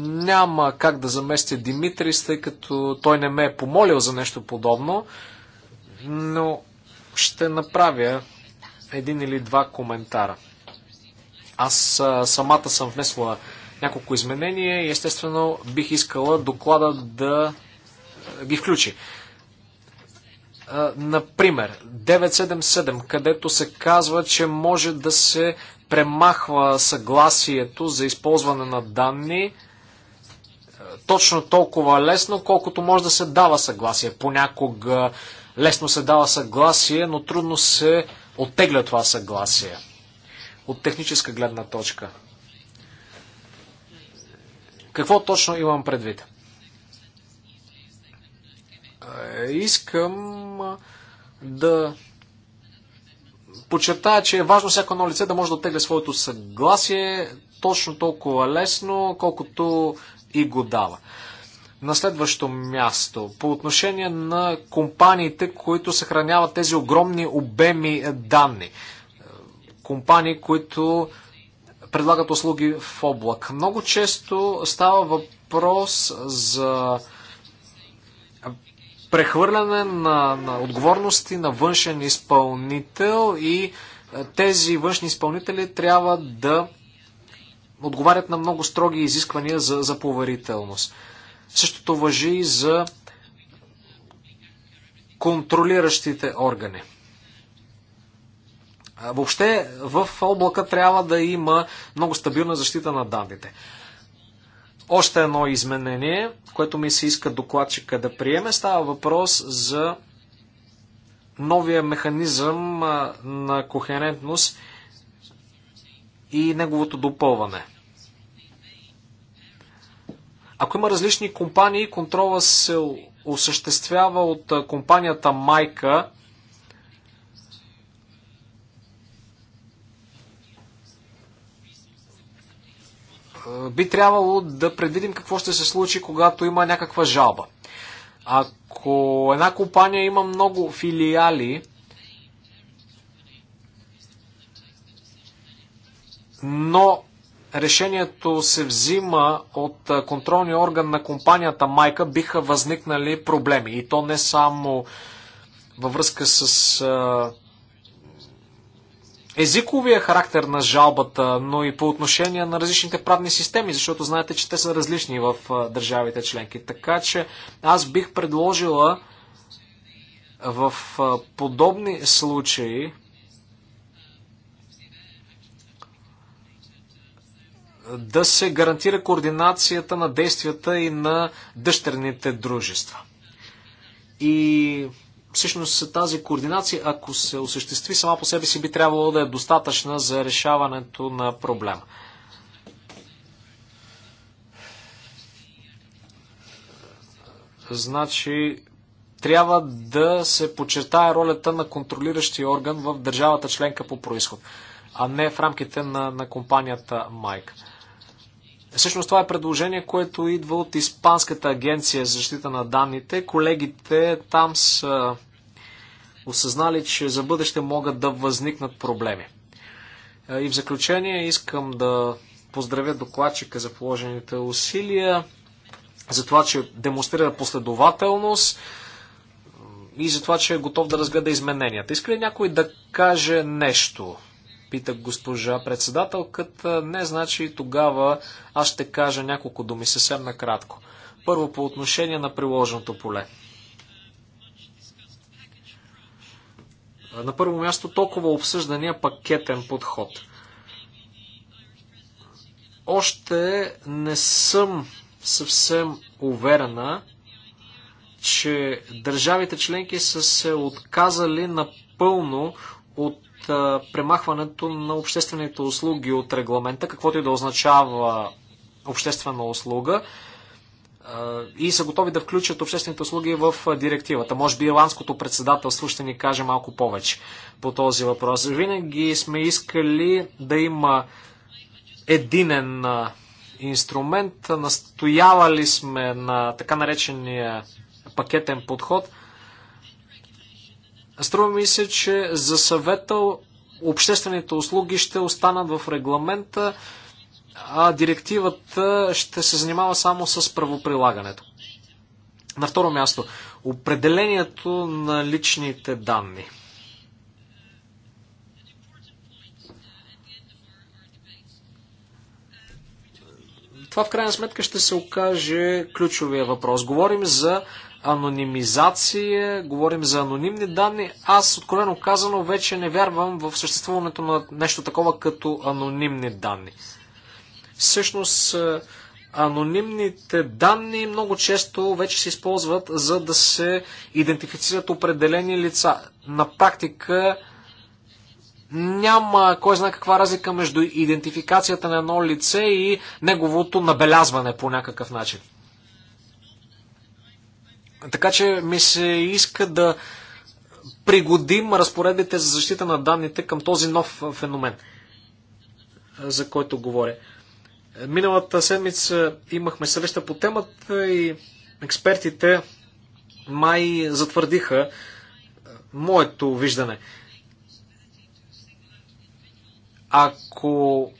Няма как да заместя Димитрис, тъй като той не ме е помолил за нещо подобно, но ще направя един или два коментара. Аз самата съм внесла няколко изменения и естествено бих искала доклада да ги включи. Например, 977, където се казва, че може да се премахва съгласието за използване на данни точно толкова лесно, колкото може да се дава съгласие. Понякога лесно се дава съгласие, но трудно се оттегля това съгласие от техническа гледна точка. Какво точно имам предвид? Е, искам да подчертая, че е важно всяко едно лице да може да оттегля своето съгласие точно толкова лесно, колкото и го дава. На следващо място, по отношение на компаниите, които съхраняват тези огромни обеми данни. Компании, които предлагат услуги в облак. Много често става въпрос за прехвърляне на, на отговорности на външен изпълнител и е, тези външни изпълнители трябва да отговарят на много строги изисквания за, за поверителност. Същото въжи и за контролиращите органи. Въобще в облака трябва да има много стабилна защита на данните. Още едно изменение, което ми се иска докладчика да приеме, става въпрос за новия механизъм на кохерентност и неговото допълване. Ако има различни компании, контрола се осъществява от компанията майка Е, би трябвало да предвидим какво ще се случи, когато има някаква жалба. Ако една компания има много филиали, но решението се взима от е, контролния орган на компанията майка, биха възникнали проблеми. И то не само във връзка с е, езиковия характер на жалбата, но и по отношение на различните правни системи, защото знаете, че те са различни в държавите членки. Така че аз бих предложила в подобни случаи да се гарантира координацията на действията и на дъщерните дружества. И всъщност тази координация, ако се осъществи сама по себе си, би трябвало да е достатъчна за решаването на проблема. Значи, трябва да се подчертае ролята на контролиращия орган в държавата членка по происход, а не в рамките на, на компанията Майка. Всъщност това е предложение, което идва от Испанската агенция за защита на данните. Колегите там са осъзнали, че за бъдеще могат да възникнат проблеми. Е, и в заключение искам да поздравя докладчика за положените усилия, за това, че демонстрира последователност и за това, че е готов да разгледа измененията. Иска ли някой да каже нещо? Пита госпожа председателката. Не, значи тогава аз ще кажа няколко думи съвсем накратко. Първо по отношение на приложеното поле. На първо място толкова обсъждания пакетен подход. Още не съм съвсем уверена, че държавите членки са се отказали напълно от премахването на обществените услуги от регламента, каквото и да означава обществена услуга, и са готови да включат обществените услуги в директивата. Може би ирландското председателство ще ни каже малко повече по този въпрос. Винаги сме искали да има единен инструмент. Настоявали сме на така наречения пакетен подход – Струва ми се, че за съвета обществените услуги ще останат в регламента, а директивата ще се занимава само с правоприлагането. На второ място, определението на личните данни. Това в крайна сметка ще се окаже ключовия въпрос. Говорим за анонимизация, говорим за анонимни данни. Аз, откровено казано, вече не вярвам в съществуването на нещо такова като анонимни данни. Всъщност, е, анонимните данни много често вече се използват за да се идентифицират определени лица. На практика няма кой знае каква разлика между идентификацията на едно лице и неговото набелязване по някакъв начин. Така че ми се иска да пригодим разпоредите за защита на данните към този нов феномен, за който говоря. Миналата седмица имахме среща по темата и експертите май затвърдиха е, моето виждане. Ако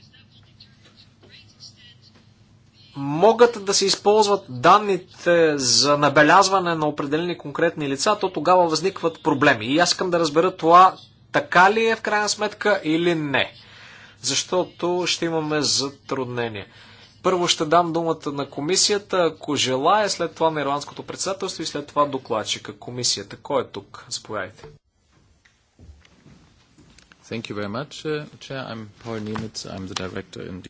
могат да се използват данните за набелязване на определени конкретни лица, то тогава възникват проблеми. И аз искам да разбера това така ли е в крайна сметка или не. Защото ще имаме затруднение. Първо ще дам думата на комисията, ако желая, след това на ирландското председателство и след това докладчика. Комисията, кой е тук? Заповядайте. Thank you very much, uh, Chair. I'm Paul Niemitz. I'm the director in the...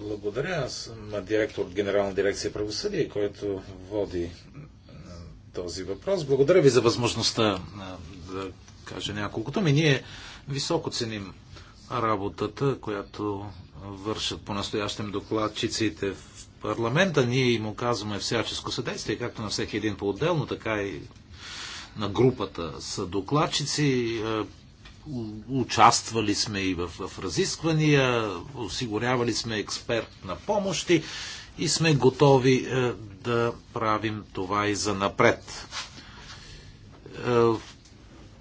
Благодаря. Аз съм директор от Генерална дирекция правосъдие, който води е, този въпрос. Благодаря ви за възможността е, да кажа няколко думи. Ние високо ценим работата, която вършат по-настоящем докладчиците в парламента. Ние им оказваме всяческо съдействие, както на всеки един по-отделно, така и на групата са докладчици. Е, участвали сме и в, в разисквания, осигурявали сме експерт на помощ и сме готови е, да правим това и за напред. Е,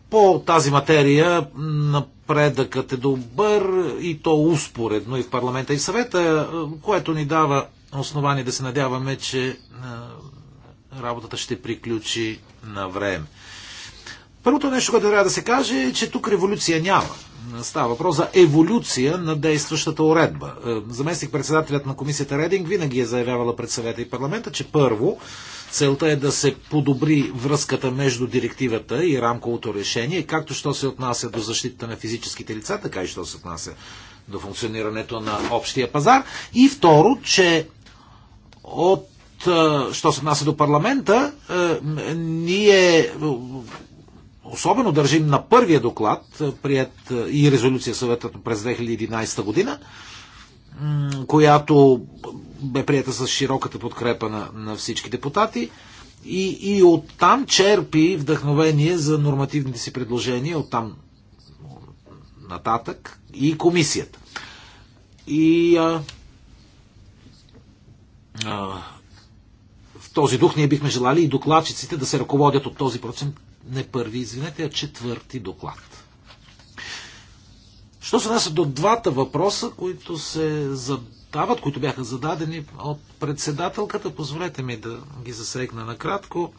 по тази материя напредъкът е добър и то успоредно и в парламента и в съвета, е, което ни дава основание да се надяваме, че е, работата ще приключи на време. Първото нещо, което трябва да се каже е, че тук революция няма. Става въпрос за еволюция на действащата уредба. Е, Заместник председателят на комисията Рединг винаги е заявявала пред съвета и парламента, че първо целта е да се подобри връзката между директивата и рамковото решение, както що се отнася до защита на физическите лица, така и що се отнася до функционирането на общия пазар. И второ, че от е, що се отнася до парламента, е, ние особено държим на първия доклад, е, прият е, и резолюция съвета през 2011 година, която бе прията с широката подкрепа на, на всички депутати и, и оттам черпи вдъхновение за нормативните си предложения, оттам нататък и комисията. И а, а, в този дух ние бихме желали и докладчиците да се ръководят от този процент, не първи, извинете, а четвърти доклад. Що се нася до двата въпроса, които се задават, които бяха зададени от председателката, позволете ми да ги засегна накратко.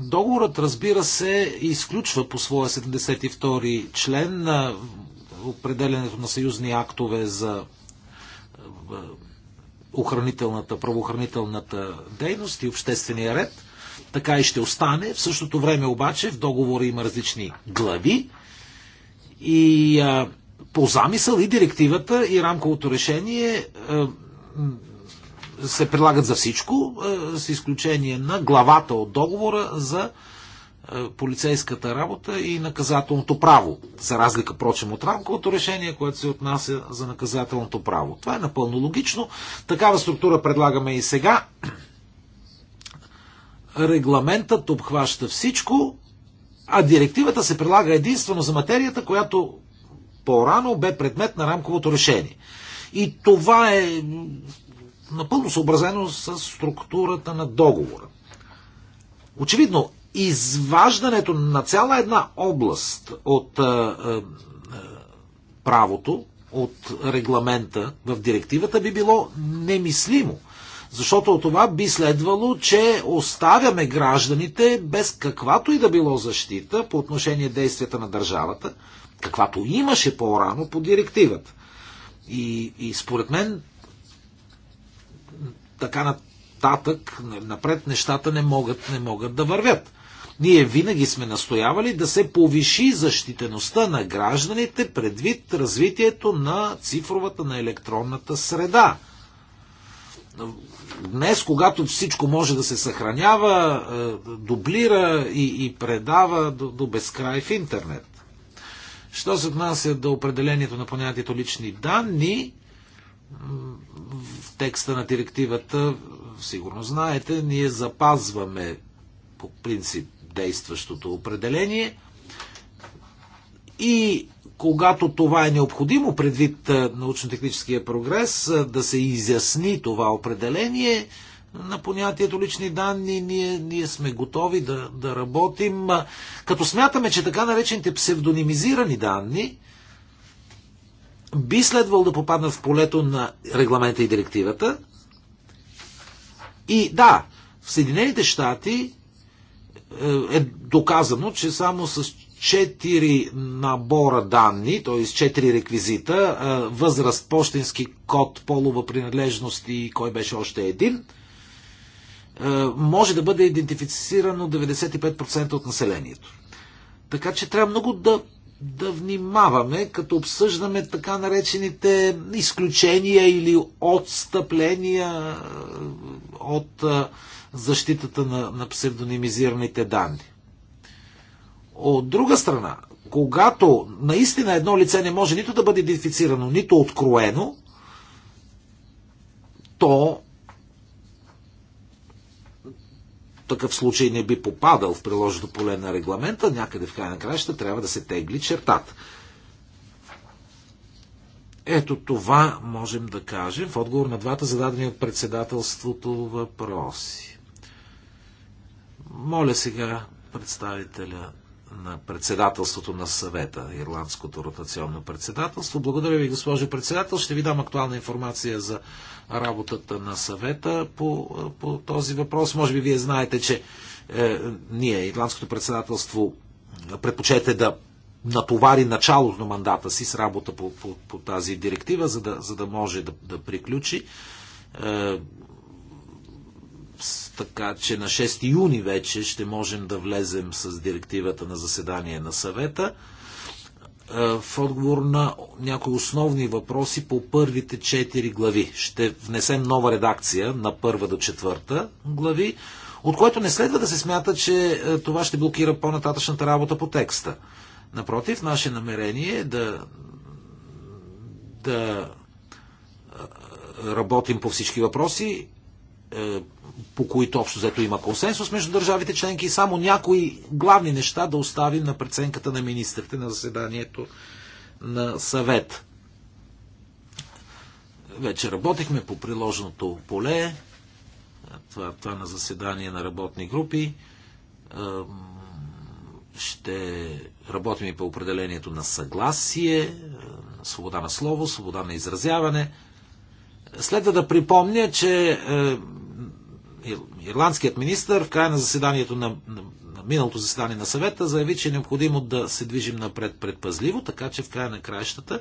Договорът, разбира се, изключва по своя 72 член на определенето на съюзни актове за е, е, охранителната, правоохранителната дейност и обществения ред – така и ще остане. В същото време обаче в договора има различни глави и а, по замисъл и директивата и рамковото решение а, се прилагат за всичко, а, с изключение на главата от договора за полицейската работа и наказателното право. За разлика, прочим, от рамковото решение, което се отнася за наказателното право. Това е напълно логично. Такава структура предлагаме и сега регламентът обхваща всичко, а директивата се прилага единствено за материята, която по-рано бе предмет на рамковото решение. И това е напълно съобразено с структурата на договора. Очевидно, изваждането на цяла една област от а, а, правото, от регламента в директивата би било немислимо – защото от това би следвало, че оставяме гражданите без каквато и да било защита по отношение действията на държавата, каквато имаше по-рано по директивата. И, и според мен така нататък, напред нещата не могат, не могат да вървят. Ние винаги сме настоявали да се повиши защитеността на гражданите предвид развитието на цифровата, на електронната среда. Днес, когато всичко може да се съхранява, е, дублира и, и предава до, до безкрай в интернет. Що се отнася до определението на понятието лични данни, в текста на директивата, сигурно знаете, ние запазваме по принцип действащото определение и когато това е необходимо, предвид научно-техническия прогрес, да се изясни това определение на понятието лични данни, ние, ние сме готови да, да работим, като смятаме, че така наречените псевдонимизирани данни би следвало да попаднат в полето на регламента и директивата. И да, в Съединените щати е, е доказано, че само с четири набора данни, т.е. четири реквизита, възраст, почтенски код, полова принадлежност и кой беше още един, може да бъде идентифицирано 95% от населението. Така че трябва много да, да внимаваме, като обсъждаме така наречените изключения или отстъпления от защитата на, на псевдонимизираните данни. От друга страна, когато наистина едно лице не може нито да бъде идентифицирано, нито откроено, то такъв случай не би попадал в приложено поле на регламента, някъде в край на краища трябва да се тегли чертат. Ето това можем да кажем в отговор на двата зададени от председателството въпроси. Моля сега представителя на председателството на съвета, Ирландското ротационно председателство. Благодаря ви, госпожо председател. Ще ви дам актуална информация за работата на съвета по, по този въпрос. Може би вие знаете, че е, ние, Ирландското председателство, предпочете да натовари началото на мандата си с работа по, по, по тази директива, за да, за да може да, да приключи. Е, така че на 6 юни вече ще можем да влезем с директивата на заседание на съвета е, в отговор на някои основни въпроси по първите четири глави. Ще внесем нова редакция на първа до четвърта глави, от което не следва да се смята, че е, това ще блокира по-нататъчната работа по текста. Напротив, наше намерение е да, да е, работим по всички въпроси, по които общо взето има консенсус между държавите членки и само някои главни неща да оставим на преценката на министрите на заседанието на съвет. Вече работихме по приложеното поле, това, това на заседание на работни групи. Ще работим и по определението на съгласие, свобода на слово, свобода на изразяване. Следва да припомня, че ирландският министр в края на заседанието на, на, на миналото заседание на съвета заяви, че е необходимо да се движим напред предпазливо, така че в края на краищата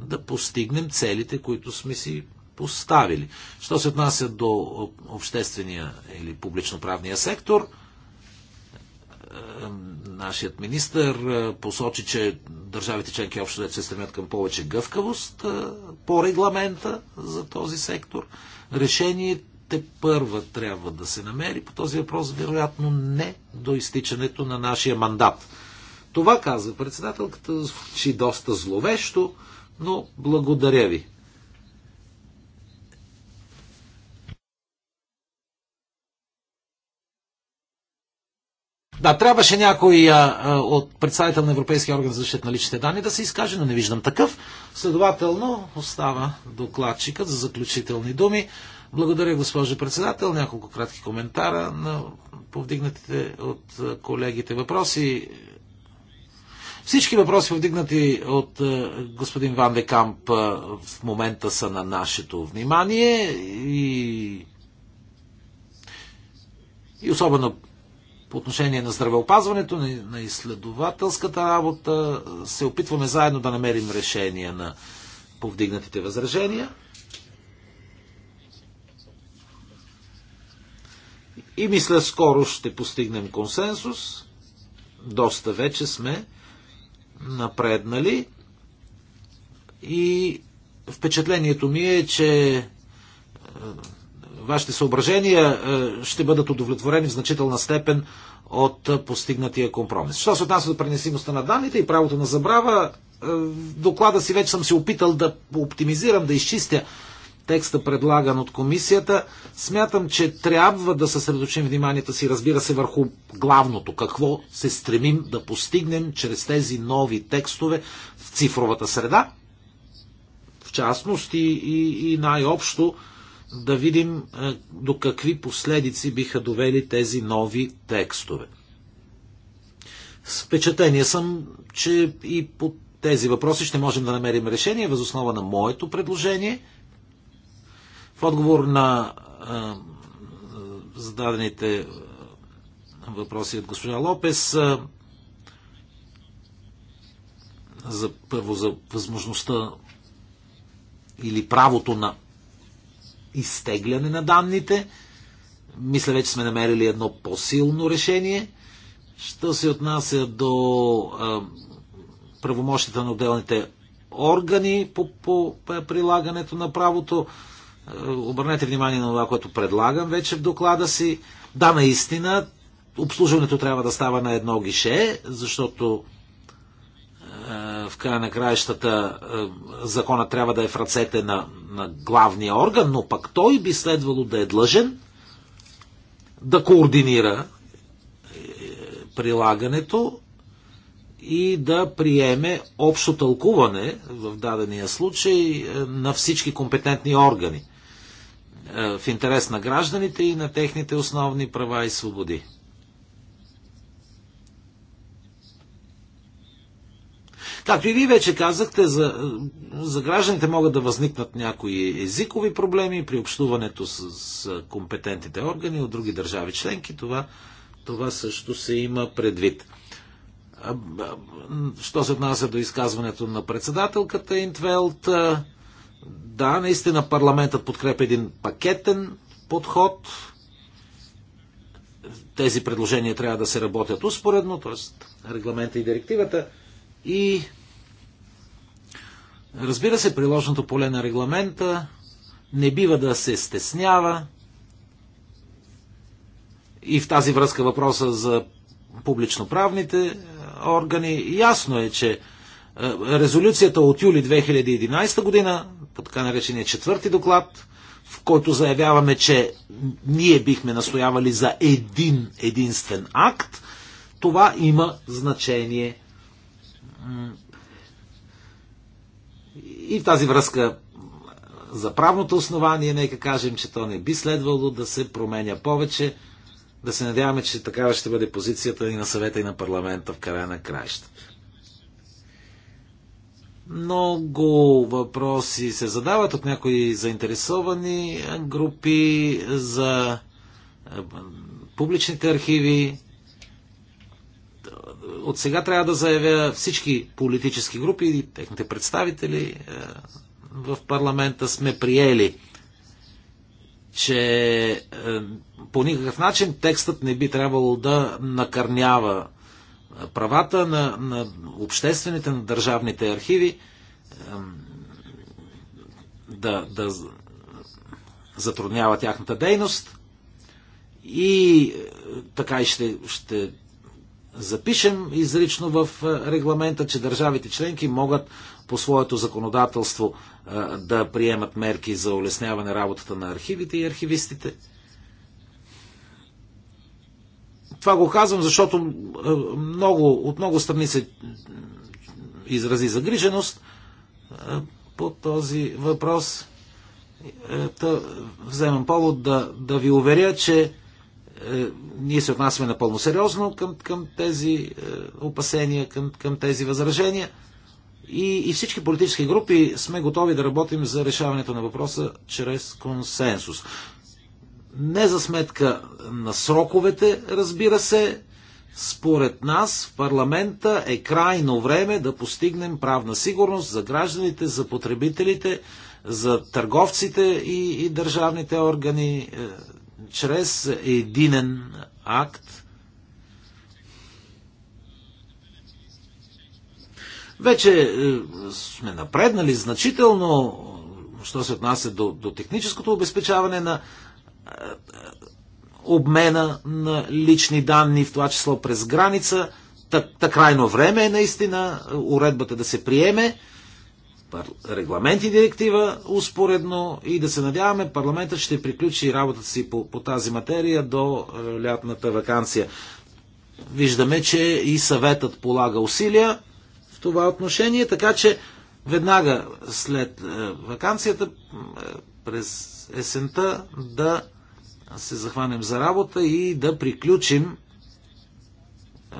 да постигнем целите, които сме си поставили. Що се отнася до обществения или публично-правния сектор, нашият министр е, посочи, че държавите членки общо се стремят към повече гъвкавост е, по регламента за този сектор. Решение те първа трябва да се намери по този въпрос, вероятно не до изтичането на нашия мандат. Това казва председателката, звучи доста зловещо, но благодаря ви. Да, трябваше някой а, а, от представител на Европейския орган за защита на личните данни да се изкаже, но не виждам такъв. Следователно остава докладчикът за заключителни думи. Благодаря, госпожо председател. Няколко кратки коментара на повдигнатите от колегите въпроси. Всички въпроси, повдигнати от господин Ван де Камп, в момента са на нашето внимание и, и особено по отношение на здравеопазването, на изследователската работа, се опитваме заедно да намерим решение на повдигнатите възражения. И мисля, скоро ще постигнем консенсус. Доста вече сме напреднали. И впечатлението ми е, че е, вашите съображения е, ще бъдат удовлетворени в значителна степен от постигнатия компромис. Що се отнася до пренесимостта на данните и правото на забрава, е, в доклада си вече съм се опитал да оптимизирам, да изчистя текста предлаган от комисията, смятам, че трябва да съсредоточим вниманието си, разбира се, върху главното, какво се стремим да постигнем чрез тези нови текстове в цифровата среда, в частност и, и, и най-общо да видим е, до какви последици биха довели тези нови текстове. С впечатление съм, че и по тези въпроси ще можем да намерим решение възоснова на моето предложение – в отговор на а, зададените въпроси от госпожа Лопес а, за първо за възможността или правото на изтегляне на данните. Мисля, вече сме намерили едно по-силно решение. Що се отнася до правомощите на отделните органи по, по, по прилагането на правото, е, обърнете внимание на това, което предлагам вече в доклада си. Да, наистина, обслужването трябва да става на едно гише, защото е, в края на краищата е, закона трябва да е в ръцете на, на главния орган, но пък той би следвало да е длъжен да координира прилагането и да приеме общо тълкуване в дадения случай на всички компетентни органи. Е, в интерес на гражданите и на техните основни права и свободи. Както и вие вече казахте, за, за гражданите могат да възникнат някои езикови проблеми при общуването с, с компетентните органи от други държави членки. Това, това също се има предвид. Що се отнася до изказването на председателката Интвелт, да, наистина парламентът подкрепя един пакетен подход. Тези предложения трябва да се работят успоредно, т.е. регламента и директивата. И разбира се, приложното поле на регламента не бива да се стеснява. И в тази връзка въпроса за публичноправните е, органи. Ясно е, че е, резолюцията от юли 2011 година по така наречения четвърти доклад, в който заявяваме, че ние бихме настоявали за един единствен акт, това има значение. И в тази връзка за правното основание, нека кажем, че то не би следвало да се променя повече. Да се надяваме, че такава ще бъде позицията и на съвета и на парламента в края на краища. Много въпроси се задават от някои заинтересовани групи за е, публичните архиви. От сега трябва да заявя всички политически групи и техните представители е, в парламента сме приели, че е, по никакъв начин текстът не би трябвало да накърнява правата на, на обществените, на държавните архиви да, да затруднява тяхната дейност. И е, така и ще, ще запишем изрично в е, регламента, че държавите членки могат по своето законодателство е, да приемат мерки за улесняване работата на архивите и архивистите. Това го казвам, защото е, много, от много страни се изрази загриженост е, по този въпрос. Е, та, вземам повод да, да ви уверя, че ние се отнасяме напълно сериозно към, към тези опасения, към, към тези възражения и, и всички политически групи сме готови да работим за решаването на въпроса чрез консенсус. Не за сметка на сроковете, разбира се, според нас в парламента е крайно време да постигнем правна сигурност за гражданите, за потребителите, за търговците и, и държавните органи е, чрез единен акт. Вече е, сме напреднали значително, що се отнася до, до техническото обезпечаване на, обмена на лични данни, в това число през граница. Та, крайно време е наистина е, уредбата да се приеме, регламент и директива успоредно и да се надяваме парламентът ще приключи работата си по, по тази материя до е, лятната вакансия. Виждаме, че и съветът полага усилия в това отношение, така че веднага след е, вакансията през есента да се захванем за работа и да приключим е,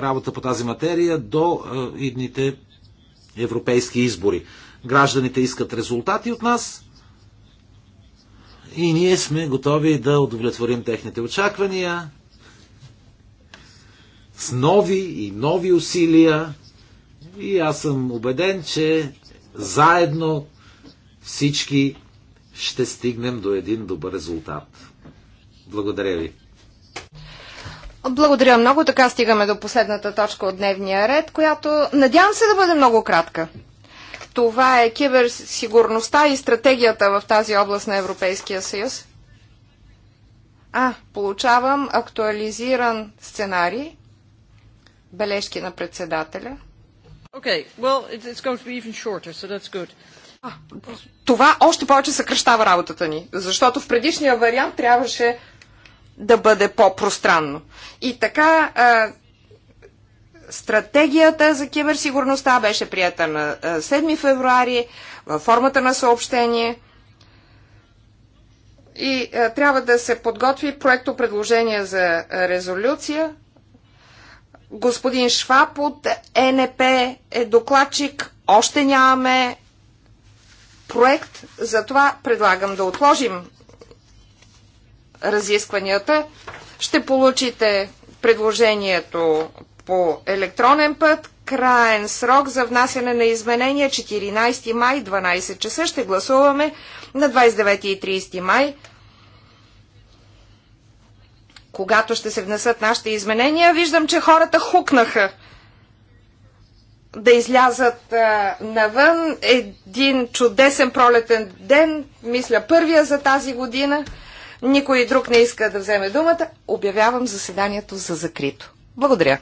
работа по тази материя до е, идните европейски избори. Гражданите искат резултати от нас и ние сме готови да удовлетворим техните очаквания с нови и нови усилия и аз съм убеден, че заедно всички ще стигнем до един добър резултат. Благодаря ви. Благодаря много. Така стигаме до последната точка от дневния ред, която надявам се да бъде много кратка. Това е киберсигурността и стратегията в тази област на Европейския съюз. А, получавам актуализиран сценарий. Бележки на председателя. Okay, well, it's going to be even shorter, so that's good. А, това още повече съкръщава работата ни, защото в предишния вариант трябваше да бъде по-пространно. И така а, стратегията за киберсигурността беше прията на 7 февруари във формата на съобщение и а, трябва да се подготви проекто предложение за резолюция. Господин Шваб от НП е докладчик. Още нямаме проект, затова предлагам да отложим разискванията. Ще получите предложението по електронен път. Краен срок за внасяне на изменения 14 май 12 часа. Ще гласуваме на 29 и 30 май когато ще се внесат нашите изменения, виждам, че хората хукнаха да излязат а, навън. Един чудесен пролетен ден, мисля първия за тази година. Никой друг не иска да вземе думата. Обявявам заседанието за закрито. Благодаря.